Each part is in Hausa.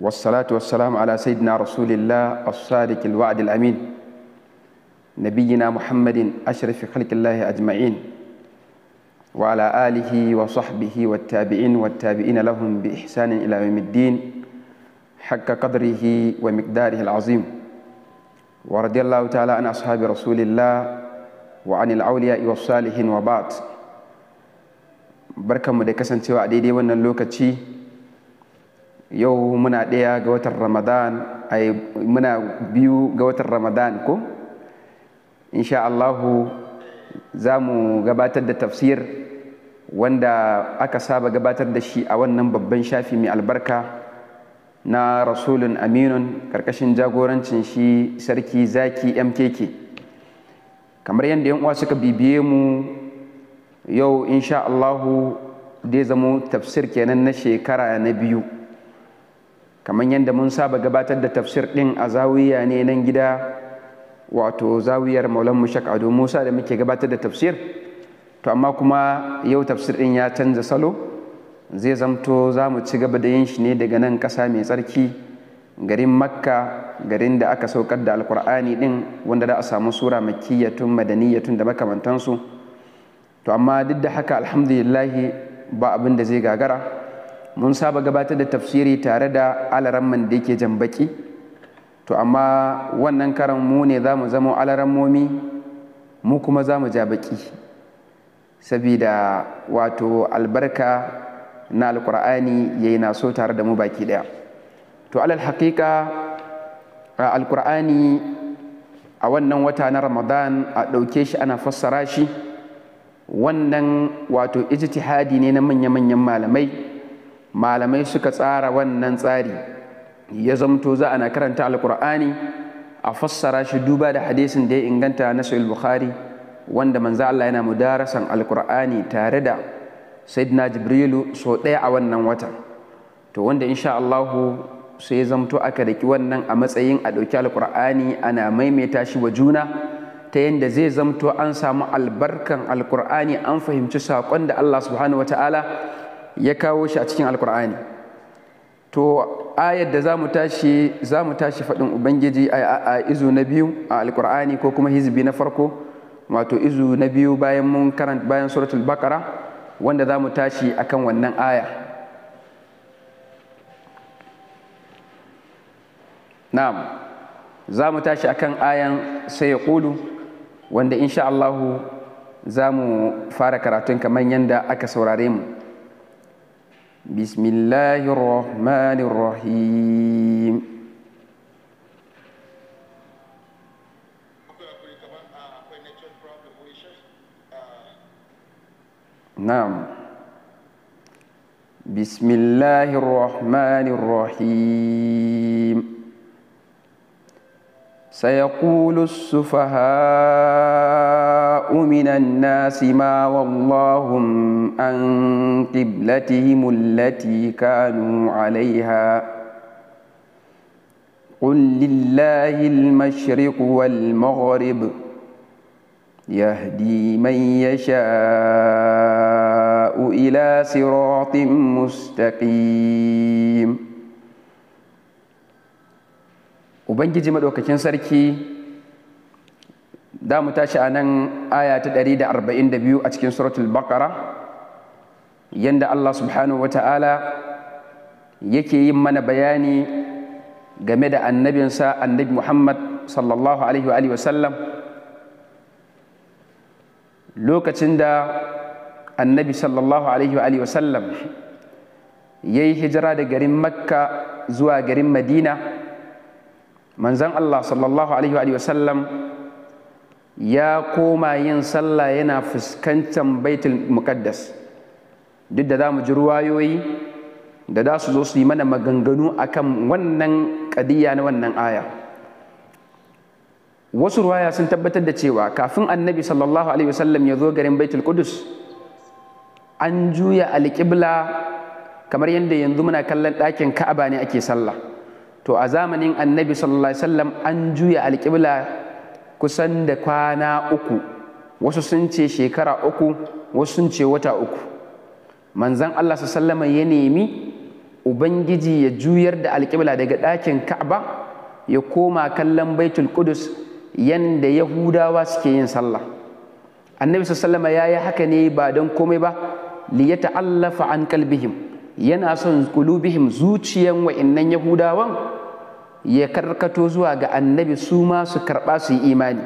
والصلاة والسلام على سيدنا رسول الله الصادق الوعد الأمين نبينا محمد أشرف خلق الله أجمعين وعلى آله وصحبه والتابعين والتابعين لهم بإحسان إلى يوم الدين حق قدره ومقداره العظيم ورضي الله تعالى عن أصحاب رسول الله وعن الأولياء والصالحين وبعض بركة مدكسة وعديدي ونلوكتي yau muna ɗaya ga watan ramadan ai muna biyu ga watan ramadan ko insha Allahu za mu gabatar da tafsir wanda aka saba gabatar da shi a wannan babban shafi mai albarka na rasulun aminun karkashin jagorancin shi sarki zaki mkk kamar yadda yan uwa suka bibiye mu yau insha Allahu dai zamo tafsir kenan na shekara na biyu kamar yadda mun saba gabatar da tafsir ɗin a zawiya ne nan gida wato zawiyar maulan mushak ado musa da muke gabatar da tafsir to amma kuma yau tafsir ɗin ya canza salo zai zamto za mu ci gaba da yin shi ne daga nan ƙasa mai tsarki garin makka garin da aka saukar da alkur'ani ɗin wanda za a samu sura makkiyatun madaniyatun da makamantansu to amma duk da haka alhamdulillahi ba abin da zai gagara mun saba gabatar da tafsiri tare da alaran da yake jan baki to amma wannan karan mu ne za mu zama momi mu kuma za mu ja baki sabida wato albarka na alkur'ani ya yi naso tare da mu baki daya to alal haƙiƙa alkur'ani a wannan wata na ramadan a ɗauke shi ana fassara shi wannan wato ijtihadi ne na manya-manyan malamai malamai suka tsara wannan tsari ya zamto za ana karanta alkur'ani a fassara shi duba da hadisin da ya inganta na sahih bukhari wanda manza Allah yana mudarasan alkur'ani tare da sayyidina jibrilu so ɗaya a wannan wata. to wanda insha Allah sai zamto aka daki wannan a matsayin a ɗauki alkur'ani ana maimaita shi wa juna ta yadda zai zamto an samu albarkan alkur'ani an fahimci saƙon da Allah subhanahu wa ya kawo shi a cikin alkur'ani to ayar da za mu tashi za mu tashi faɗin ubangiji a izu na biyu a alkur'ani ko kuma hizbi na farko wato izu na biyu bayan mun karanta bayan suratul bakara wanda za mu tashi akan wannan aya na'am za mu tashi akan ayan sai ya ƙulu wanda insha Allahu za mu fara karatun kamar yadda aka saurare mu بسم الله الرحمن الرحيم نعم بسم الله الرحمن الرحيم سيقول السفهاء من الناس ما واللهم عن قبلتهم التي كانوا عليها قل لله المشرق والمغرب يهدي من يشاء إلى صراط مستقيم ubangiji maɗaukakin sarki da mu tashi a nan aya ta 142 a cikin suratul bakara yadda allah subhanahu wata'ala yake yin mana bayani game da annabinsa annabi muhammad sallallahu alaihi wa sallam lokacin da annabi sallallahu alaihi wa sallam ya yi hijira da garin makka zuwa garin madina manzan Allah sallallahu alaihi wa sallam ya koma yin sallah yana fuskantar baitul muqaddas duk da za mu ji ruwayoyi da za su zo su yi mana maganganu akan wannan ƙadiya na wannan aya wasu ruwaya sun tabbatar da cewa kafin annabi sallallahu alaihi wasallam ya zo garin baitul an juya alƙibla kamar yadda yanzu muna kallon ɗakin ka'aba ne ake sallah to a zamanin annabi sallallahu alaihi wasallam an juya alƙibla kusan da kwana uku wasu sun ce shekara uku wasu sun ce wata uku manzan Allah sallama ya nemi ubangiji ya juyar da alƙibla daga ɗakin ka'aba ya koma kallon baitul qudus yanda yahudawa suke yin sallah annabi sallama ya yi haka ne ba don komai ba liyata ya ta'allafa an kalbihim yana son kulubihim zuciyan wa'innan yahudawan ya karkato zuwa ga annabi su ma su karɓa su yi imani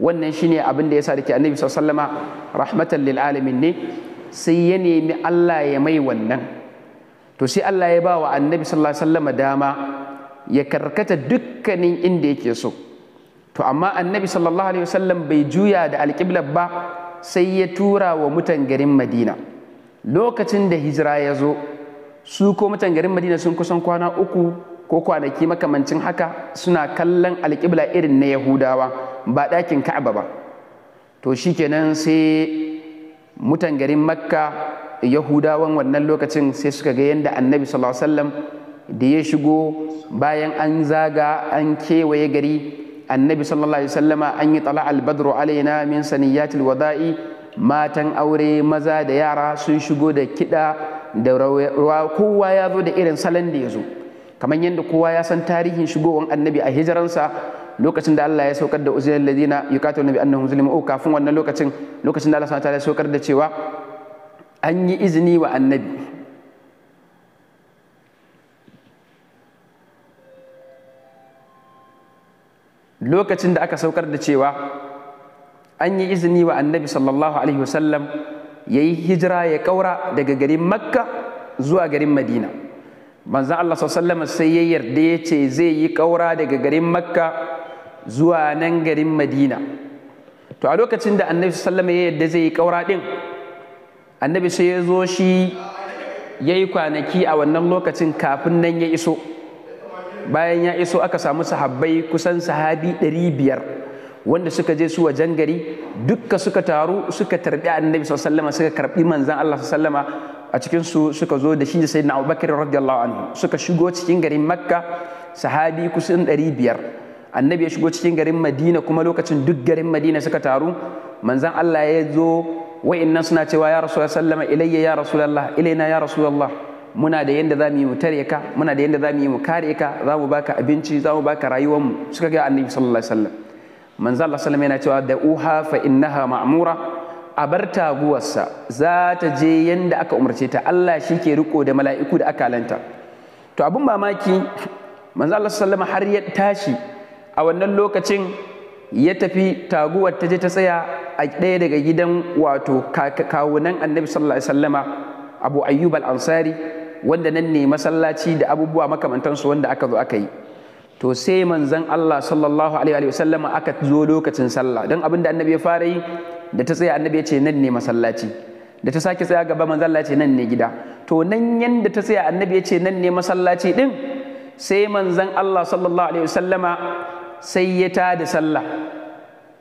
wannan shine abin da yasa dake annabi sallama rahmatan lil alamin ne sai ya nemi Allah ya mai wannan to sai Allah ya ba wa annabi sallallahu dama ya karkata dukkanin inda yake so to amma annabi sallallahu alaihi wasallam bai juya da alƙiblar ba sai ya tura wa mutan garin madina lokacin da hijira ya zo su ko mutan garin madina sun kusan kwana uku ko kwanaki makamancin haka suna kallon alƙibla irin na yahudawa ba ɗakin ka'aba ba to shikenan sai mutan garin makka yahudawan wannan lokacin sai suka ga yadda annabi da ya shigo bayan an zaga an kewaye gari annabi sallallahu alaihi wasallama an yi tala albadru alaina min saniyatil wada'i matan aure maza da yara sun shigo da kiɗa da rawa kowa ya zo da irin salon da ya zo kamar yadda kowa ya san tarihin shigowar annabi a hijiransa lokacin da Allah ya saukar da uzilal ladina yuqatiluna bi annahum zulimu oh, kafin wannan lokacin lokacin da Allah subhanahu ya saukar da cewa an yi izini wa annabi lokacin da aka saukar da cewa an yi izini wa annabi sallallahu alaihi wasallam ya yi hijira ya kaura daga garin makka zuwa garin madina manzan Allah sallama sai ya yarda ya ce zai yi ƙaura daga garin makka zuwa nan garin madina to a lokacin da annabi sallama ya yarda zai yi ƙaura ɗin annabi sai ya zo shi ya yi kwanaki a wannan lokacin kafin nan ya iso bayan ya iso aka samu sahabbai kusan sahabi ɗari biyar wanda suka je su wajen gari dukka suka taru suka tarbi annabi sallama suka karbi manzan Allah sallama a cikin su suka zo da shi da sayyidina Abubakar radiyallahu anhu suka shigo cikin garin Makka sahabi kusan 500 annabi ya shigo cikin garin Madina kuma lokacin duk garin Madina suka taru manzon Allah ya zo wa'annan suna cewa ya rasulullah sallama ilayya ya Allah ilaina ya Allah muna da yanda za mu yi mu tare ka muna da yanda za mu yi mu kare ka za mu baka abinci za mu baka rayuwar mu suka ga annabi sallallahu alaihi wasallam manzon Allah sallallahu alaihi wasallam yana cewa da uha fa innaha ma'mura a bar taguwarsa za ta je yadda aka umarce ta Allah shi ke riko da mala'iku da aka lanta to abin mamaki manzo Allah sallama har ya tashi a wannan lokacin ya tafi taguwar ta je ta tsaya a ɗaya daga gidan wato kawunan annabi sallallahu abu ayyub al-ansari wanda nan ne masallaci da abubuwa makamantansu wanda aka zo aka yi to sai manzan Allah sallallahu alaihi wa sallama aka zo lokacin sallah don abin da annabi ya fara yi da ta tsaya annabi ya ce nan ne masallaci da ta sake tsaya gaba manzo Allah nan ne gida to nan yanda ta tsaya annabi ya ce nan ne masallaci din sai manzon Allah sallallahu alaihi wasallama sai ya ta da sallah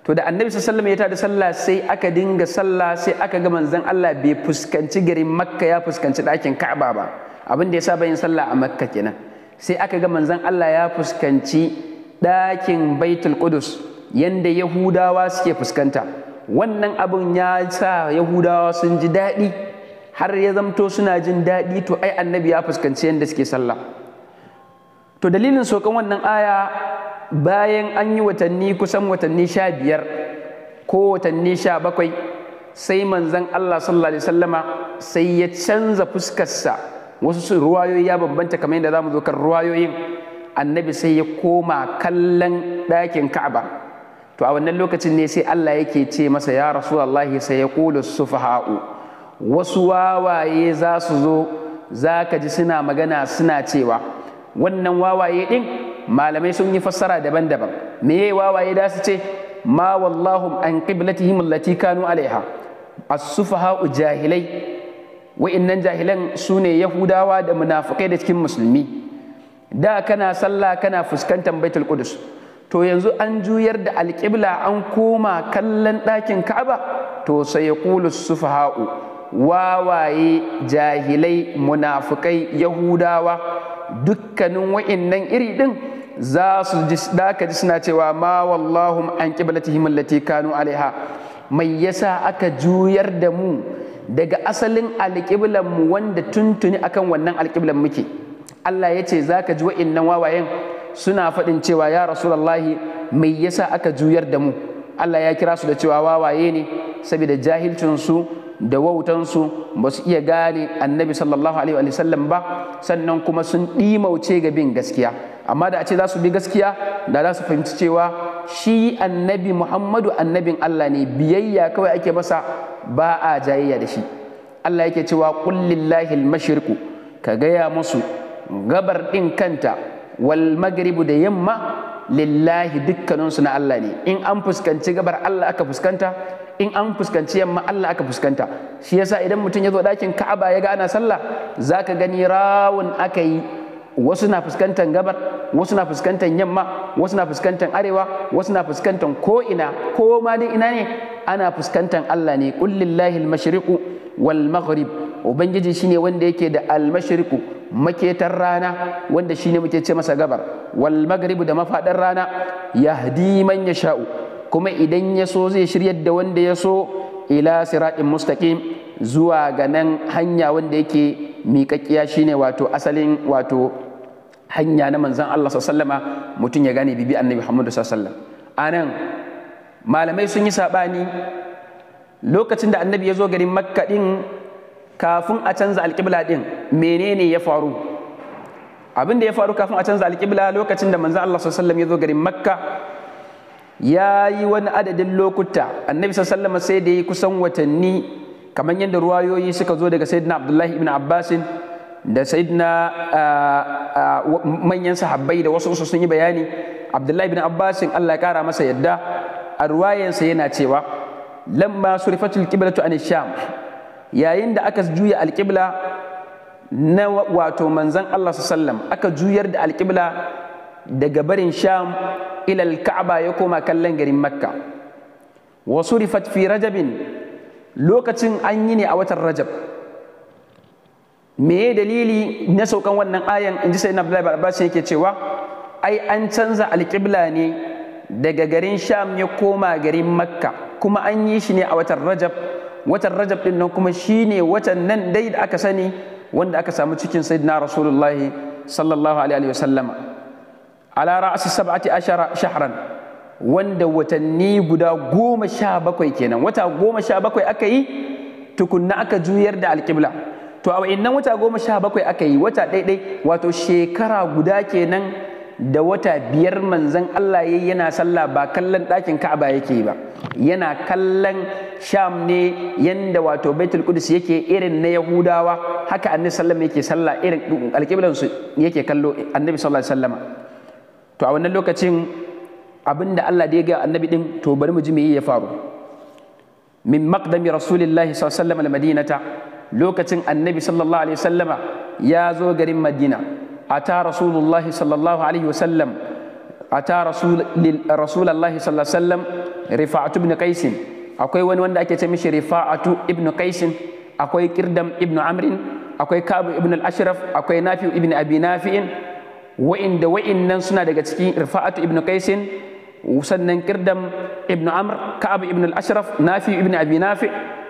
to da annabi sallallahu alaihi ya ta da sallah sai aka dinga sallah sai aka ga manzon Allah bai fuskanci garin Makka ya fuskanci ɗakin Ka'aba ba abin da ya saba yin sallah a Makka kenan sai aka ga manzon Allah ya fuskanci dakin Baitul Qudus yanda Yahudawa suke fuskanta wannan abin ya sa yahudawa sun ji daɗi har ya zamto suna jin daɗi to ai annabi ya fuskanci yadda suke sallah to dalilin sokan wannan aya bayan an yi watanni kusan watanni sha biyar ko watanni sha bakwai sai manzan Allah sallallahu alaihi sallama sai ya canza fuskarsa wasu ruwayoyi ya bambanta kamar yadda mu zo kan ruwayoyin annabi sai ya koma kallon ɗakin Ka'aba to a wannan lokacin ne sai Allah yake ce masa ya rasulullahi sai ya kulu fahau wasu wawaye za su zo za ka ji suna magana suna cewa wannan wawaye din malamai sun yi fassara daban-daban me ya wawaye da su ce ma wallahu an qiblatihim allati kanu alaiha as-sufaha'u jahilai wa'innan jahilan sune yahudawa da munafikai da cikin musulmi da kana sallah kana fuskantar baitul qudus to yanzu an juyar da alƙibla an koma kallon ɗakin ka'aba to sai ya kulu sufaha'u wawaye jahilai munafukai yahudawa dukkanin wa'innan iri ɗin za su ji ka ji suna cewa ma wallahu an qiblatihim allati kanu alaiha mai yasa aka juyar da mu daga asalin alƙiblan mu wanda tuntuni akan wannan alƙiblan muke Allah ya ce za ka ji wa'innan wawayen suna faɗin cewa ya rasulallahi mai yasa aka juyar da mu Allah ya kira su da cewa wawaye ne saboda jahilcinsu da wautansu ba su iya gane annabi sallallahu alaihi wa sallam ba sannan kuma sun ɗimauce ga bin gaskiya amma da a ce za su bi gaskiya da za su fahimci cewa shi annabi muhammadu annabin Allah ne biyayya kawai ake masa ba a jayayya da shi Allah yake cewa kullillahi almashriqu ka gaya musu gabar ɗin kanta wal magribu da yamma lillahi dukkaninsu na Allah ne in an fuskanci gabar Allah aka fuskanta in an fuskanci yamma Allah aka fuskanta shi yasa idan mutum ya zo ɗakin Ka'aba ya ga ana sallah zaka gani rawun aka yi wasu na fuskantar gabar wasu na fuskantar yamma wasu na fuskantar arewa wasu na fuskantar ko ina ko ma duk ina ne ana fuskantar Allah ne qul lillahi al-mashriqu wal maghrib ubangiji shine wanda yake da al-mashriqu maketar rana wanda shine muke ce masa gabar wal magribu da mafadar rana yahdi man sha'u. kuma idan ya so zai shiryar da wanda ya so ila siratin mustaqim zuwa ganan nan hanya wanda yake miƙaƙƙiya shine wato asalin wato hanya na manzon Allah sallama mutum ya gane bibi annabi Muhammad sallallahu anan malamai sun yi saɓani lokacin da annabi ya zo garin makka ɗin kafin a canza alƙibla ɗin menene ya faru abin da ya faru kafin a canza alƙibla lokacin da manzo Allah sallallahu ya zo garin makka ya yi wani adadin lokuta annabi sallallahu sai da yi kusan watanni kamar yadda ruwayoyi suka zo daga sayyidina abdullahi ibn abbasin da sayyidina ah, ah, manyan sahabbai da wasu sun yi bayani abdullahi ibn abbasin Allah ya kara masa yadda a ruwayansa yana cewa lamma surifatul qiblatu an sham yayin da aka juya alqibla na wato manzan Allah sallam aka juyar da alƙibla daga barin sham ilal ka'aba ya koma kallon garin makka wasu rifat fi rajabin lokacin an yi ne a watan rajab me dalili na saukan wannan ayan in ji sai na abdullahi abbas yake cewa ai an canza alƙibla ne daga garin sham ya koma garin makka kuma an yi shi ne a watan rajab watan rajab ɗin nan kuma shine watan nan dai da aka sani wanda aka samu cikin sayyidina rasulullahi sallallahu alaihi wa wasallama ala ra'asi sab'ati ashara shahran wanda watanni guda goma sha bakwai kenan wata goma sha bakwai aka yi tukunna aka juyar da alƙibla to a wa'innan wata goma sha bakwai aka yi wata ɗaiɗai wato shekara guda kenan da wata biyar manzan Allah ya yana sallah ba kallon ɗakin Ka'aba yake ba yana kallon Sham ne yanda wato Baitul Kudus yake irin na Yahudawa haka Annabi sallallahu yake sallah irin alƙiblan su yake kallo Annabi sallallahu alaihi to a wannan lokacin abinda Allah da ya ga Annabi din to bari mu ji me ya faru min maqdami rasulillahi sallallahu alaihi wasallam al-madinata lokacin Annabi sallallahu alaihi wasallama ya zo garin Madina ata rasulullahi sallallahu alaihi wasallam ata rasul rasulullahi sallallahu alaihi wasallam rifa'atu ibn qais akwai wani wanda ake ce mishi rifa'atu ibn qais akwai kirdam ibn amrin akwai kabu ibn al-ashraf akwai nafi ibn abi nafi'in wa'inda wa'innan suna daga cikin Rifatu ibn qais sannan kirdam ibn amr ka'ab ibn al-ashraf nafi ibn abi nafi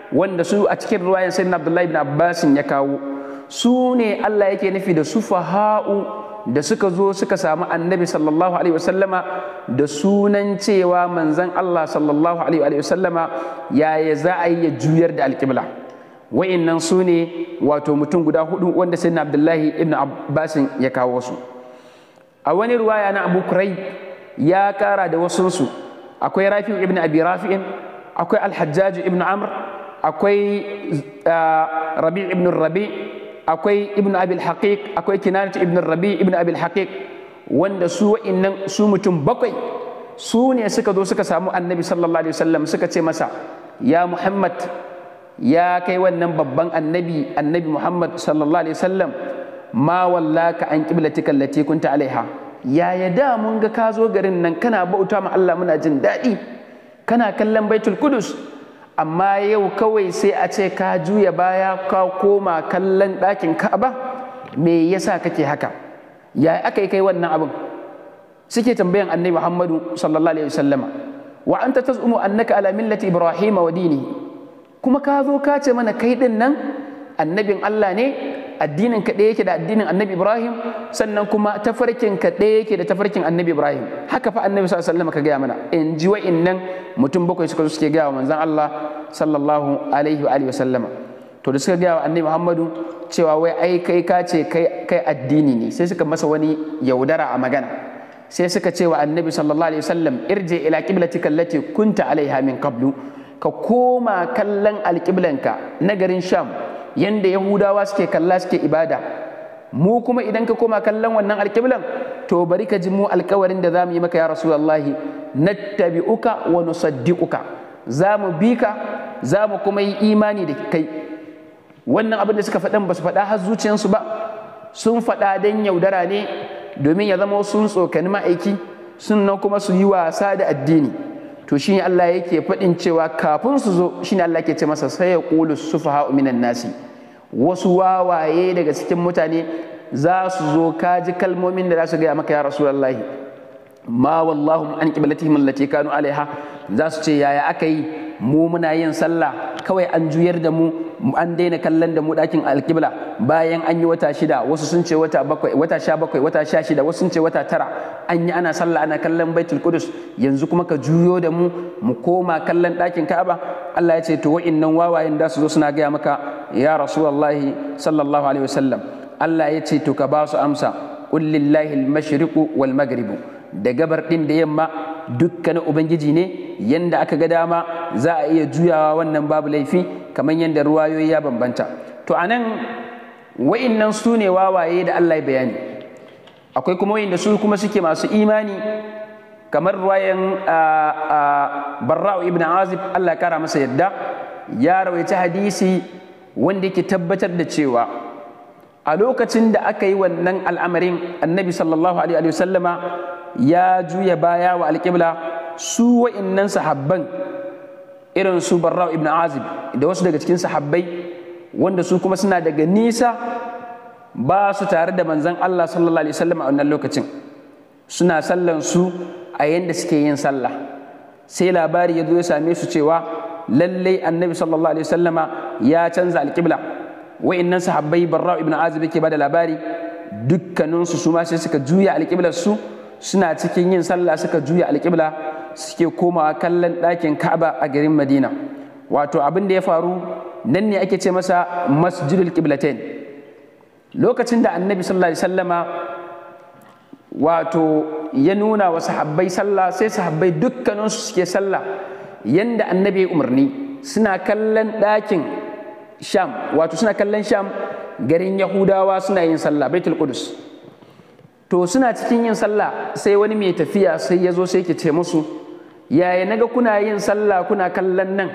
wanda su a cikin ruwayan sayyidina abdullahi ibn abbasin ya kawo su ne Allah yake nufi da sufaha'u da suka zo suka samu annabi sallallahu alaihi wasallama da sunan cewa manzan Allah sallallahu alaihi wasallama yaya za a yi ya juyar da alƙibla wa'innan su ne wato mutum guda hudu wanda sai abdullahi ibn abbasin ya kawo su a wani ruwaya na abu kurai ya kara da wasunsu akwai rafi ibn abi rafi'in akwai alhajjaju ibn amr akwai ah, rabi' ibn rabi' akwai ibn abil haqiq akwai kinanat ibn rabi ibn abil haqiq wanda su wa'innan su mutum bakwai su ne suka zo suka samu annabi sallallahu alaihi wasallam suka ce masa ya muhammad ya kai wannan babban annabi annabi muhammad sallallahu alaihi wasallam ma wallaka an qiblatika allati kunta alaiha ya yada mun ga ka zo garin nan kana bauta ma Allah muna jin daɗi kana kallon baitul kudus amma yau kawai sai a ce ka juya baya ka koma kallon ɗakin ka'aba me yasa kake haka ya aka yi kai wannan abin suke tambayan annabi muhammadu sallallahu alaihi wasallama wa anta tazumu annaka ala millati ibrahima wa dini kuma ka zo ka ce mana kai din nan annabin Allah ne addinin ka ɗaya yake da addinin annabi ibrahim sannan kuma tafarkin ka ɗaya yake da tafarkin annabi ibrahim haka fa annabi sallallahu alaihi ka gaya mana in ji wa'innan mutum bakwai suka suke gaya wa manzon allah sallallahu alaihi wa sallama to da suka gaya wa annabi muhammadu cewa wai ai kai ka ce kai addini ne sai suka masa wani yaudara a magana sai suka ce wa annabi sallallahu alaihi wasallam irje ila qiblatika allati kunta alaiha min qablu ka koma kallon alƙiblanka na garin sham yanda yahudawa suke kalla suke ibada mu kuma idan ka koma kallon wannan alkiblan to bari ka ji mu alkawarin da za mu yi maka ya rasulullahi nattabi'uka wa nusaddiquka za mu bi ka za mu kuma yi imani da kai wannan abin da suka faɗan ba su faɗa har zuciyarsu ba sun faɗa don yaudara ne domin ya zama sun tsokani ma'aiki sun kuma su yi wasa da addini to shi Allah yake faɗin cewa kafin su zo shi Allah ke ce masa sai ya ƙulu sufaha minan nasi wasu wawaye daga cikin mutane za su zo ka ji kalmomin da za su gaya maka ya rasulallahi ma wallahu an qiblatihim allati kanu alaiha za su ce yaya aka yi mu muna yin sallah kawai an juyar da mu an daina kallon da mu ɗakin alƙibla bayan an yi wata shida wasu sun ce wata bakwai wata sha bakwai wata sha shida wasu sun ce wata tara an yi ana sallah ana kallon baitul yanzu kuma ka juyo da mu mu koma kallon ɗakin ka'aba Allah ya ce to wa'innan wawayen da su zo suna gaya maka ya rasulullahi sallallahu alaihi wasallam Allah ya ce to ka ba su amsa qul lillahi al-mashriqu wal maghribu da gabar din da yamma dukkanin ubangiji ne yanda aka ga dama za a iya juyawa wannan babu laifi kamar yadda ruwayoyi ya bambanta to a nan wa'innan su ne wawaye da Allah ya bayani akwai kuma wa'inda su kuma suke masu imani kamar ruwayan barra'u ibn azib Allah kara masa yadda ya rawaita hadisi wanda yake tabbatar da cewa a lokacin da aka yi wannan al'amarin annabi sallallahu alaihi wasallama ya juya baya wa alƙibla su wa'innan sahabban irin su barra ibn azib da wasu daga cikin sahabbai wanda su kuma suna daga nisa ba su tare da manzan Allah sallallahu alaihi wasallam a wannan lokacin suna sallan su a yanda suke yin sallah sai labari ya zo ya same su cewa lallai annabi sallallahu alaihi wasallam ya canza alƙibla wa'innan sahabbai barra ibn azib yake ba da labari dukkaninsu su ma sai suka juya alƙiblar su suna cikin yin sallah suka juya alƙibla suke komawa kallon ɗakin ka'aba a garin madina wato abin da ya faru nan ne ake ce masa masjidul ƙiblatain lokacin da annabi sallallahu alaihi sallama wato ya nuna wa sahabbai sallah sai sahabbai dukkaninsu suke sallah yanda annabi ya umarni suna kallon ɗakin sham wato suna kallon sham garin yahudawa suna yin sallah baitul qudus to suna cikin yin sallah sai wani mai tafiya sai ya zo sai ke ce musu yaya naga kuna yin sallah kuna kallon nan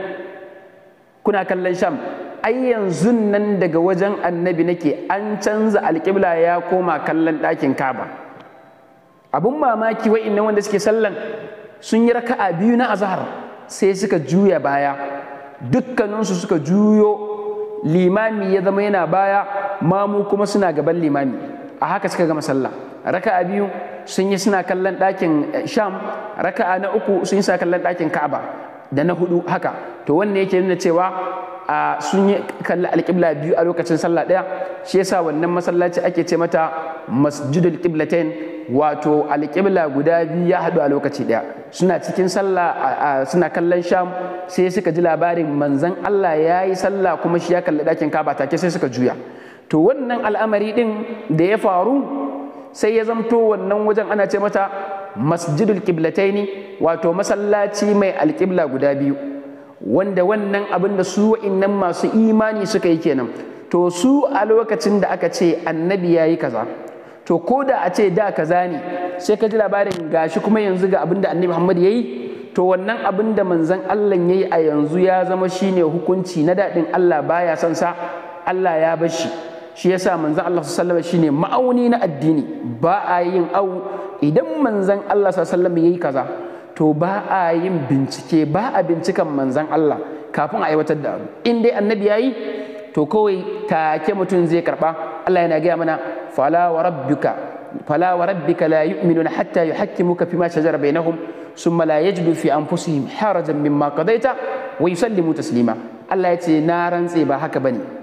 kuna kallon sham ai yanzu nan daga wajen annabi nake an canza alƙibla ya koma kallon ɗakin kaba Abin mamaki wa'innan wanda suke sallan sun yi raka'a biyu na azhar sai suka juya baya dukkaninsu suka juyo limami ya zama yana baya mamu kuma suna gaban limami a haka suka gama sallah raka'a biyu sun yi suna kallon ɗakin eh, sham raka'a na uku sun yi suna kallon ɗakin ka'aba da na hudu haka to wannan yake nuna cewa a sun yi kalli alƙibla biyu a lokacin sallah ɗaya shi yasa wannan masallaci ake ce mata masjidul qiblatain wato alƙibla guda biyu ya haɗu a lokaci ɗaya suna cikin sallah suna kallon sham sai suka ji labarin manzon Allah ya yi sallah kuma shi ya kalli ɗakin ka'aba. take sai suka juya to wannan al'amari ɗin da ya faru sai ya zamto wannan wajen ana ce mata masjidul kiblataini wato masallaci mai alƙibla guda biyu wanda wannan abin da su wa'innan masu imani suka yi kenan to su a lokacin da aka ce annabi ya yi kaza to ko da a ce da kaza ne sai ka ji labarin gashi kuma yanzu ga abin da annabi Muhammad ya yi to wannan abin da manzon Allah ya yi a yanzu ya zama shine hukunci na daɗin Allah baya son sa Allah ya bar shi shi yasa manzan Allah sallallahu alaihi wasallam shine ma'auni na addini ba a yin au idan manzan Allah sallallahu alaihi wasallam yayi kaza to ba a yin bincike ba a bincikan manzon Allah kafin a aiwatar da abu in dai annabi yayi to kawai take mutum zai karba Allah yana gaya mana fala wa rabbika fala wa rabbika la yu'minuna hatta yuhakkimuka fi ma shajara bainahum thumma la yajidu fi anfusihim harajan mimma qadaita wa yusallimu taslima Allah ya ce na rantse ba haka bane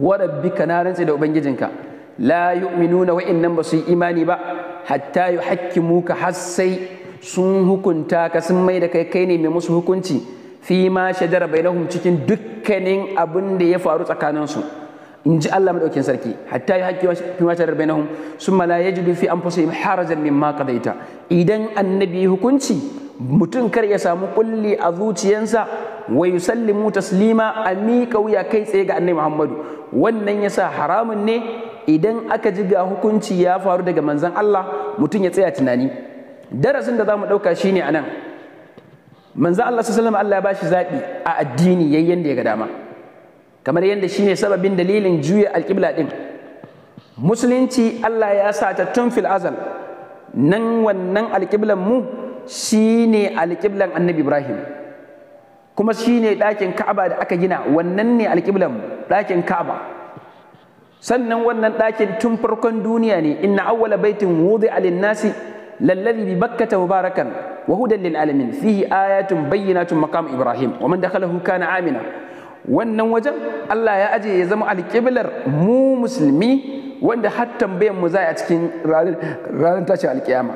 warabbika na rantse da ubangijinka la yu'minuna wa'annan ba su yi imani ba hatta yuhakkimuka har sai sun hukunta ka sun mai da kai kai ne mai musu hukunci fi ma shajara bainahum cikin dukkanin abin da ya faru tsakaninsu in ji Allah madaukin sarki hatta yi hakki fi ma shajara bainahum summa la yajidu fi anfusihim harajan mimma qadaita idan annabi hukunci mutum kar ya samu kulli a zuciyarsa wa yusallimu taslima a miƙa wuya kai tsaye ga annabi Muhammadu wannan ya sa haramun ne idan aka ji ga hukunci ya faru daga manzon Allah mutum ya tsaya tunani darasin da za mu ɗauka shine anan manzon Allah sallallahu Allah ya bashi zaɓi a addini yayin da ya ga dama kamar yadda shine sababin dalilin juya alƙibla ɗin musulunci Allah ya sa ta tun fil azal nan wannan alƙiblan mu shine alƙiblan annabi Ibrahim kuma shine ɗakin Ka'aba da aka gina wannan ne alƙiblan ɗakin Ka'aba sannan wannan ɗakin tun farkon duniya ne inna awwala baitin wudi alin nasi lallazi bi bakkata mubarakan wa hudan lil alamin fihi ayatun bayyinatun maqam ibrahim wa man dakhalahu kana amina wannan wajen Allah ya aje ya zama alƙiblar mu musulmi wanda har tambayan mu za a cikin ranar tashin alƙiyama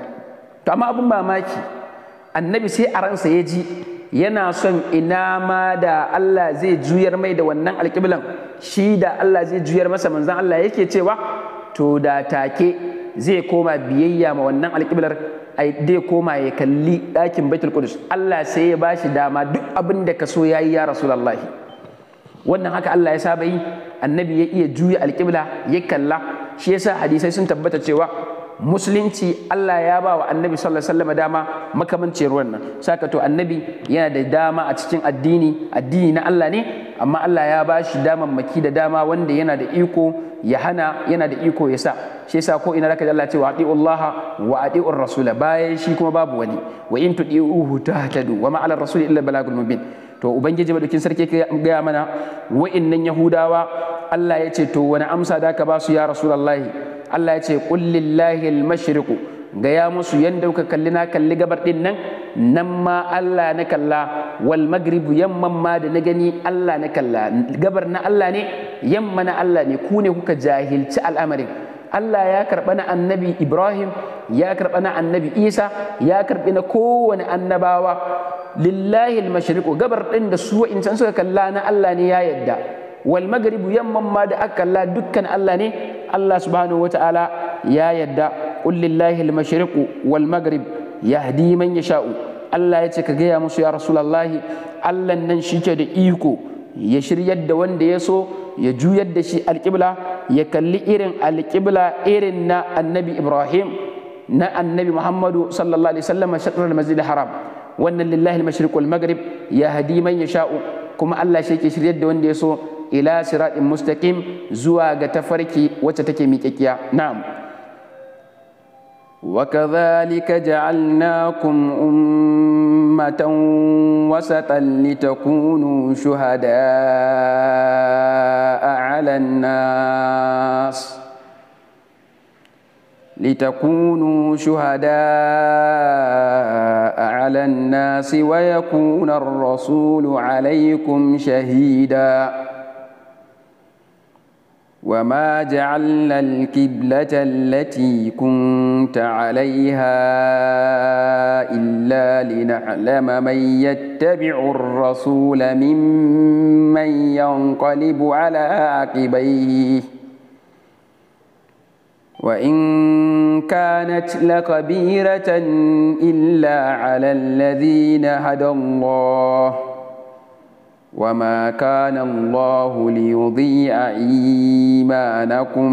to amma abin mamaki annabi sai a ransa ya ji yana son ina ma da Allah zai juyar mai da wannan alƙiblan shi da Allah zai juyar masa manzan Allah yake cewa to da take zai koma biyayya ma wannan alƙiblar dai koma ya kalli ɗakin baitul kudus Allah sai ya bashi dama duk abin da ka so ya yi ya lallahi wannan haka Allah ya saba yi annabi ya iya juya alƙibla ya kalla shi yasa hadisai sun tabbata cewa musulunci Allah ya ba wa annabi sallallahu alaihi wasallam dama ruwan nan. saka to annabi yana da dama a cikin addini addini na Allah ne amma Allah ya ba shi maki da dama wanda yana da iko ya hana yana da iko ya sa shi yasa ko ina zaka da Allah ce wa atiu Allah wa atiu rasula bayan shi kuma babu wani wa in tudiuhu tahtadu wa ma'al rasul rasuli illa balagul mubin to ubangiji madaukin sarki ya gaya mana wa'innan yahudawa Allah ya ce to wani amsa da ka ba su ya rasulullahi Allah ya ce qul lillahi al gaya musu yanda kuka kalli na kalli gabar din nan nan ma Allah na kalla wal magribu yamman ma da na gani Allah na kalla gabar na Allah ne yamma na Allah ne ku ne kuka jahilci al'amarin Allah ya karɓa na annabi Ibrahim ya karɓa na annabi Isa ya karɓi na kowane annabawa lillahi al gabar ɗin da su can suka kalla na Allah ne ya yadda wal maghrib yamman ma da aka kalla dukkan Allah ne Allah subhanahu wataala ya yadda qul lillahi al mashriq wal maghrib yahdi man yasha'u Allah ya ce ka gaya musu ya rasulallahi Allah nan shi da iko ya shiryar da wanda ya so ya juyar da shi alƙibla ya kalli irin alƙibla irin na annabi ibrahim na annabi muhammadu sallallahu alaihi wasallam shatrar masjid haram wannan lillahi al-mashriq wal maghrib ya hadi man kuma Allah shi ke shiryar da wanda ya so إلى siratin مستقيم زوا ga tafarki ميكيكيا نعم وكذلك جعلناكم أمة وسطا لتكونوا شهداء على الناس لتكونوا شهداء على الناس ويكون الرسول عليكم شهيداً وما جعلنا الكبلة التي كنت عليها إلا لنعلم من يتبع الرسول ممن ينقلب على عقبيه وإن كانت لكبيرة إلا على الذين هدى الله ۖ وما كان الله ليضيع إيمانكم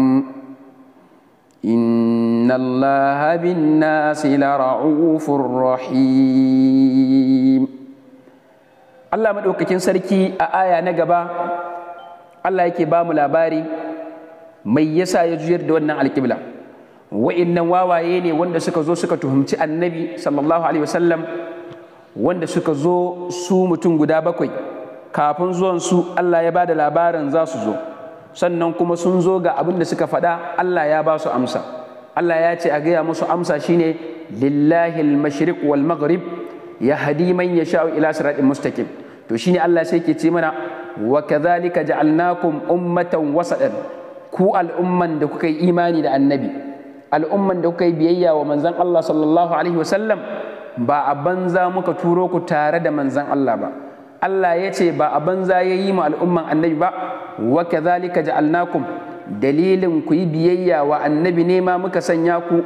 إن الله بالناس لرعوف رحيم Allah maɗaukakin sarki a aya na gaba Allah yake bamu labari mai yasa ya juyar da wannan alƙibla wa'innan wawaye ne wanda suka zo suka tuhumci annabi sallallahu alaihi wanda suka zo su mutum guda bakwai kafin zuwan su Allah ya ba da labarin za su zo sannan kuma sun zo ga abin da suka faɗa Allah ya ba su amsa Allah ya ce a gaya musu amsa shine lillahi al-mashriq wal maghrib yahdi man yasha'u ila siratin mustaqim to shine Allah sai ke ce mana wa kadhalika ja'alnakum ummatan wasatan ku al'umman da kuka yi imani da annabi al'umman da kuka yi biyayya wa manzon Allah sallallahu alaihi wasallam ba a banza muka turo ku tare da manzon Allah ba Allah ya ce ba a banza ya yi ma al'umman annabi ba wa kadhalika ja'alnakum dalilin ku yi biyayya wa annabi ne ma muka sanya ku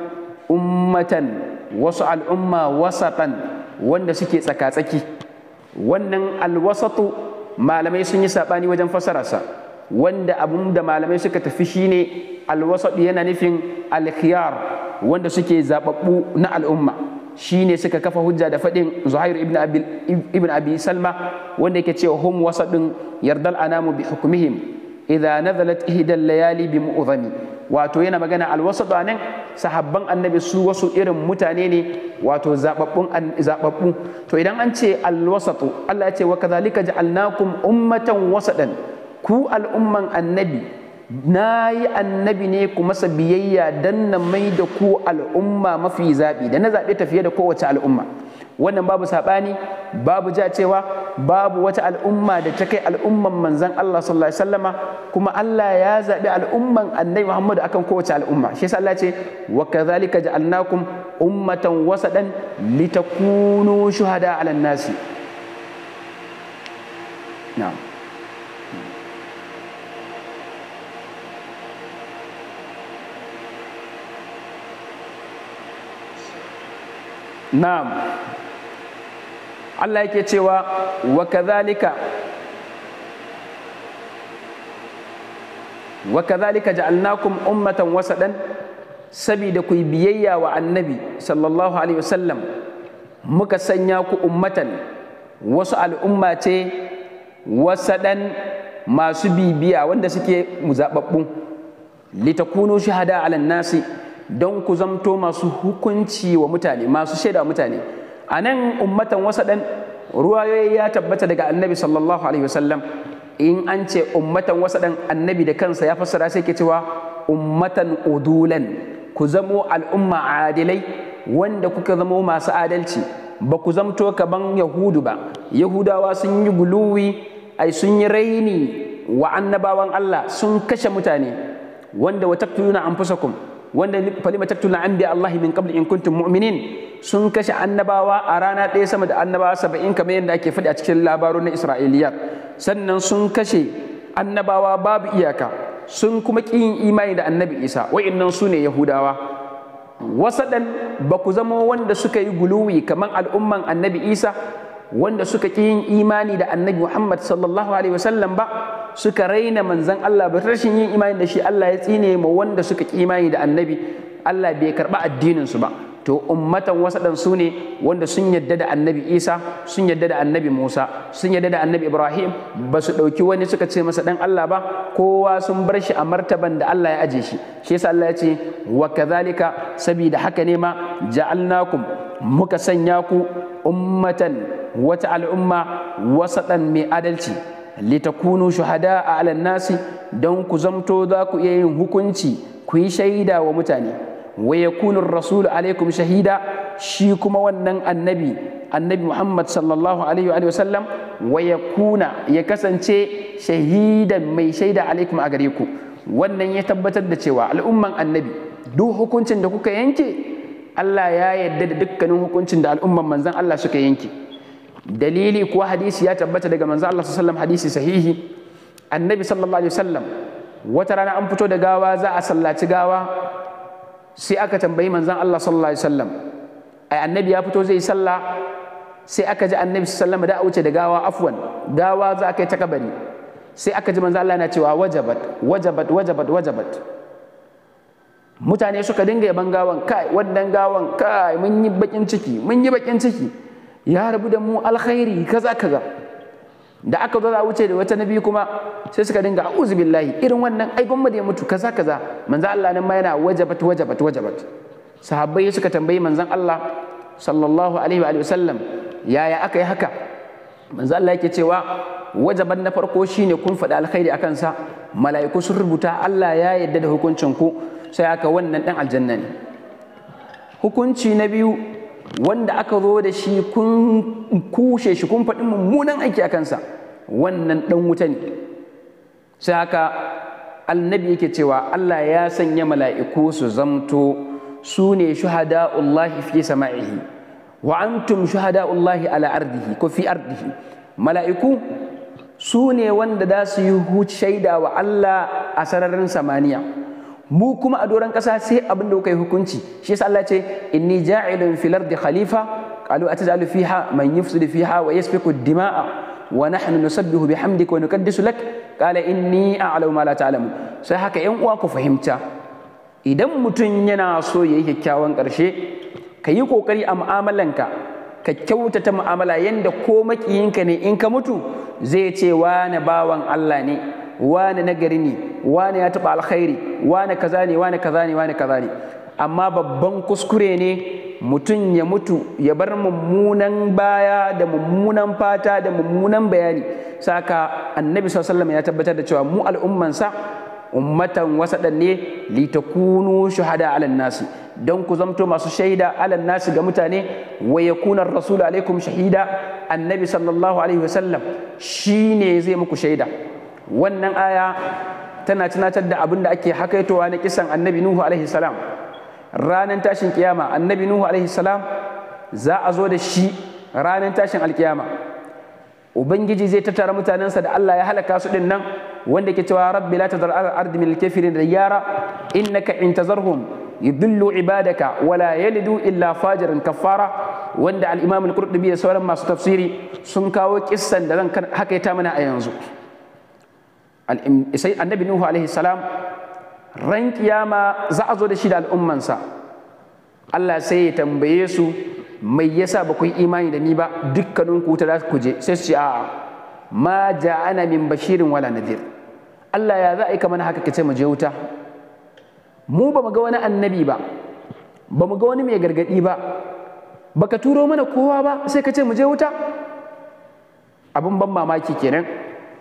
ummatan wasu al'umma wasatan wanda suke tsaka-tsaki wannan alwasatu malamai sun yi saɓani wajen fasararsa wanda abun da malamai suka tafi shine alwasatu yana nufin alkhiyar wanda suke zaɓaɓɓu na al'umma Shi ne suka kafa hujja da faɗin Zuhair ibn Abi Salma wanda yake cewa hum wasadun yardal anamu bi hukmihim idza nazalat ihdal layali bi mu'zami wato yana magana alwasatu anan sahabban annabi su wasu irin mutane ne wato zababbun zababbu to idan an ce alwasatu Allah ya ce wa kadhalika ja'alnakum ummatan wasadan ku al'umman annabi na yi annabi ne ku masa biyayya dan na mai da ku al'umma mafi zaɓi da na zaɓe tafiye da kowace al'umma wannan babu saɓani babu ja cewa babu wata al'umma da ta kai al'umman manzan Allah sallallahu alaihi wasallama kuma Allah ya zaɓi al'umman annabi Muhammadu akan kowace al'umma shi yasa Allah ce wa kadhalika ja'alnakum ummatan wasadan litakunu shuhada 'alan nasi na'am na'am Allah yake cewa wa kadhalika wa kadhalika ja'alnakum ummatan wasadan saboda ku biyayya wa annabi sallallahu alaihi wasallam muka sanya ku ummatan wasu al'umma ce wasadan masu bibiya wanda suke muzababbu litakunu shahada 'alan nasi don ku zamto masu hukunci wa mutane masu shaida mutane a nan ummatan wasaɗan ruwayoyi ya tabbata daga annabi sallallahu alaihi wasallam in an ce ummatan ɗan annabi da kansa ya fassara sai ke cewa ummatan udulan ku zamo al'umma adilai wanda kuka zamo masu adalci ba ku zamto kaban yahudu ba yahudawa sun yi guluwi ai sun yi raini wa annabawan Allah sun kashe mutane wanda an fasa anfusakum wanda falima tattuna an bi Allah min qabli in kuntum mu'minin sun kashe annabawa a rana ɗaya sama da annabawa saba'in kamar yadda ake faɗi a cikin labarun na isra'iliya sannan sun kashe annabawa babu iyaka sun kuma ƙi yin imani da annabi Isa wa'innan su ne Yahudawa wasaɗan ba ku zamo wanda suka yi guluwi kamar al'umman annabi Isa wanda suka ƙi yin imani da annabi Muhammad sallallahu alaihi wasallam ba suka raina manzan Allah ba rashin yin imani da shi Allah ya tsine ma wanda suka ƙi imani da annabi Allah bai karɓa addinin su ba to ummatan wasaɗan su ne wanda sun yadda da annabi isa sun yadda da annabi musa sun yadda da annabi ibrahim ba su ɗauki wani suka ce masa ɗan allah ba kowa sun bar shi a martaban da allah ya aje shi shi yasa allah ya ce wa kazalika sabida haka ne ma ja'alnakum muka sanya ku ummatan wata al'umma wasaɗan mai adalci litakunu shuhada a alan nasi don ku zamto za ku iya yin hukunci ku yi shaida wa mutane waya kunun rasulu alaikum shahida shi kuma wannan annabi annabi muhammad sallallahu alaihi wa sallam wa kuna ya kasance shahidan mai shaida alaikum a gare ku wannan ya tabbatar da cewa al'umman annabi duk hukuncin da kuka yanke Allah ya yarda da dukkanin hukuncin da al'umman manzan Allah suka yanke dalili kuwa hadisi ya tabbata daga manzo Allah sallallahu hadisi sahihi annabi sallallahu alaihi wasallam wata rana an fito da gawa za a sallaci gawa sai aka tambayi manzan Allah sallallahu alaihi wasallam ai annabi ya fito zai sallah sai aka ji annabi sallallahu da a wuce da gawa afwan gawa za a kai ta kabari sai aka ji manzon Allah yana cewa wajabat wajabat wajabat wajabat mutane suka dinga yaban gawan kai wannan gawan kai mun yi bakin ciki mun yi bakin ciki ya rabu da mu alkhairi kaza kaza da aka zo za wuce da wata nabi kuma sai suka dinga a'udhu billahi irin wannan ai gwamma da ya mutu kaza kaza manzo Allah nan ma yana wajabat wajabat wajabat sahabbai suka tambayi manzon Allah sallallahu alaihi wa sallam yaya aka yi haka manzo Allah yake cewa wajaban na farko shine kun faɗi alkhairi akan sa mala'iku sun rubuta Allah ya yarda da hukuncin ku sai aka wannan dan aljanna ne hukunci na biyu wanda aka zo da shi kun kushe shi kun faɗi mummunan aiki a kansa wannan ɗan wuta ne sai haka annabi yake cewa Allah ya sanya mala'iku su zamto su ne shuhada'ullahi fi sama'ihi wa antum shuhada'ullahi ala ardihi ko fi ardihi mala'iku su ne wanda za su yi shaida wa Allah a sararin samaniya mu kuma a doron ƙasa sai abin da kuka yi hukunci shi yasa Allah ce inni ja'ilun filar da khalifa qalu atajalu fiha man yufsidu fiha wa yasfiku dima'a wa nahnu nusabbihu bihamdika wa nuqaddisu lak qala inni a'lamu ma la ta'lamu sai haka yan uwa ku fahimta idan mutum yana so yayi kyakkyawan ƙarshe ka yi kokari a mu'amalanka ka kyautata mu'amala yanda ko makiyinka ne in ka mutu zai ce wa na bawan Allah ne wane nagari ne wane ya taɓa alkhairi wane kaza ne wane kaza ne wane kaza ne amma babban kuskure ne mutum ya mutu ya bar mummunan baya da mummunan fata da mummunan bayani saka annabi sallallahu ya tabbatar da cewa mu al'ummansa ummatan wasaɗan ne litakunu shuhada ala nasi don ku zamto masu shaida ala nasi ga mutane wa yakuna rasulu alaikum shahida annabi sallallahu alaihi wasallam shine zai muku shaida wannan aya tana tunatar da abin da ake hakaitowa na kisan annabi nuhu alaihi salam ranar tashin kiyama annabi nuhu alaihi salam za a zo da shi ranar tashin alkiyama ubangiji zai tattara mutanensa da Allah ya halaka su din nan wanda ke cewa rabbi la tadar al ardi min al da diyara innaka in tazarhum yudillu ibadaka wala yalidu illa fajirin kaffara wanda al imam al qurtubi da sauran masu tafsiri sun kawo kissan da zan hakaita mana a yanzu sai annabi nuhu alaihi salam ran kiyama za a zo da shi da al'ummansa Allah sai ya tambaye su mai yasa ba ku yi imani da ni ba dukkanin ku ta ku je sai su ce a ma ana min bashirin wala nadir Allah ya za a yi kamar haka ka ce mu je wuta mu ba mu ga wani annabi ba ba mu ga wani mai gargadi ba baka turo mana kowa ba sai ka ce mu je wuta abin ban mamaki kenan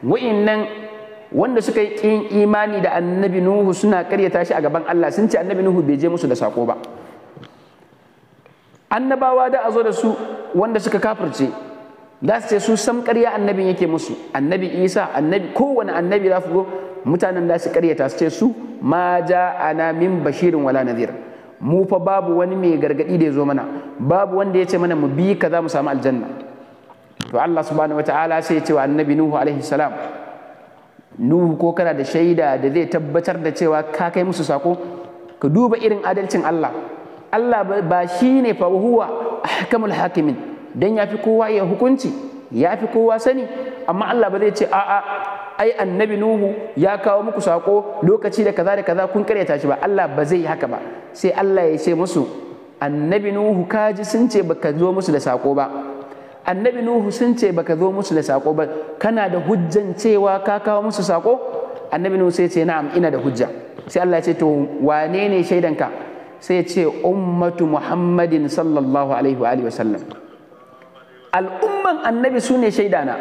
wa'innan wanda suka yi kin imani da annabi nuhu suna karyata shi a gaban Allah sun ce annabi nuhu bai je musu da sako ba annabawa da azo da su wanda suka kafirce za su ce su sam karya annabin yake musu annabi isa annabi kowane annabi za su zo mutanen da su karyata su ce su ma ja ana min bashirin wala nadir mu fa babu wani mai gargadi da ya zo mana babu wanda ya ce mana mu bi ka za mu samu aljanna to Allah subhanahu wataala sai ya ce wa annabi nuhu alaihi salam nuhu ko kana da shaida da zai tabbatar da cewa ka kai musu sako ka duba irin adalcin Allah Allah ba shi ne fa huwa ahkamul hakimin dan yafi kowa ya hukunci yafi kowa sani amma Allah ba zai ce a'a ai annabi nuhu ya kawo muku sako lokaci da kaza da kaza kun karyata shi ba Allah ba zai haka ba sai Allah ya ce musu annabi nuhu kaji sun ce baka zo musu da sako ba annabi nuhu sun ce baka zo musu da sako ba kana da hujjan cewa ka kawo musu sako annabi nuhu sai ce na'am ina da hujja sai Allah ya ce to wane ne shaidanka sai ya ce ummatu muhammadin sallallahu alaihi wa alihi sallam al'umman annabi su ne shaidana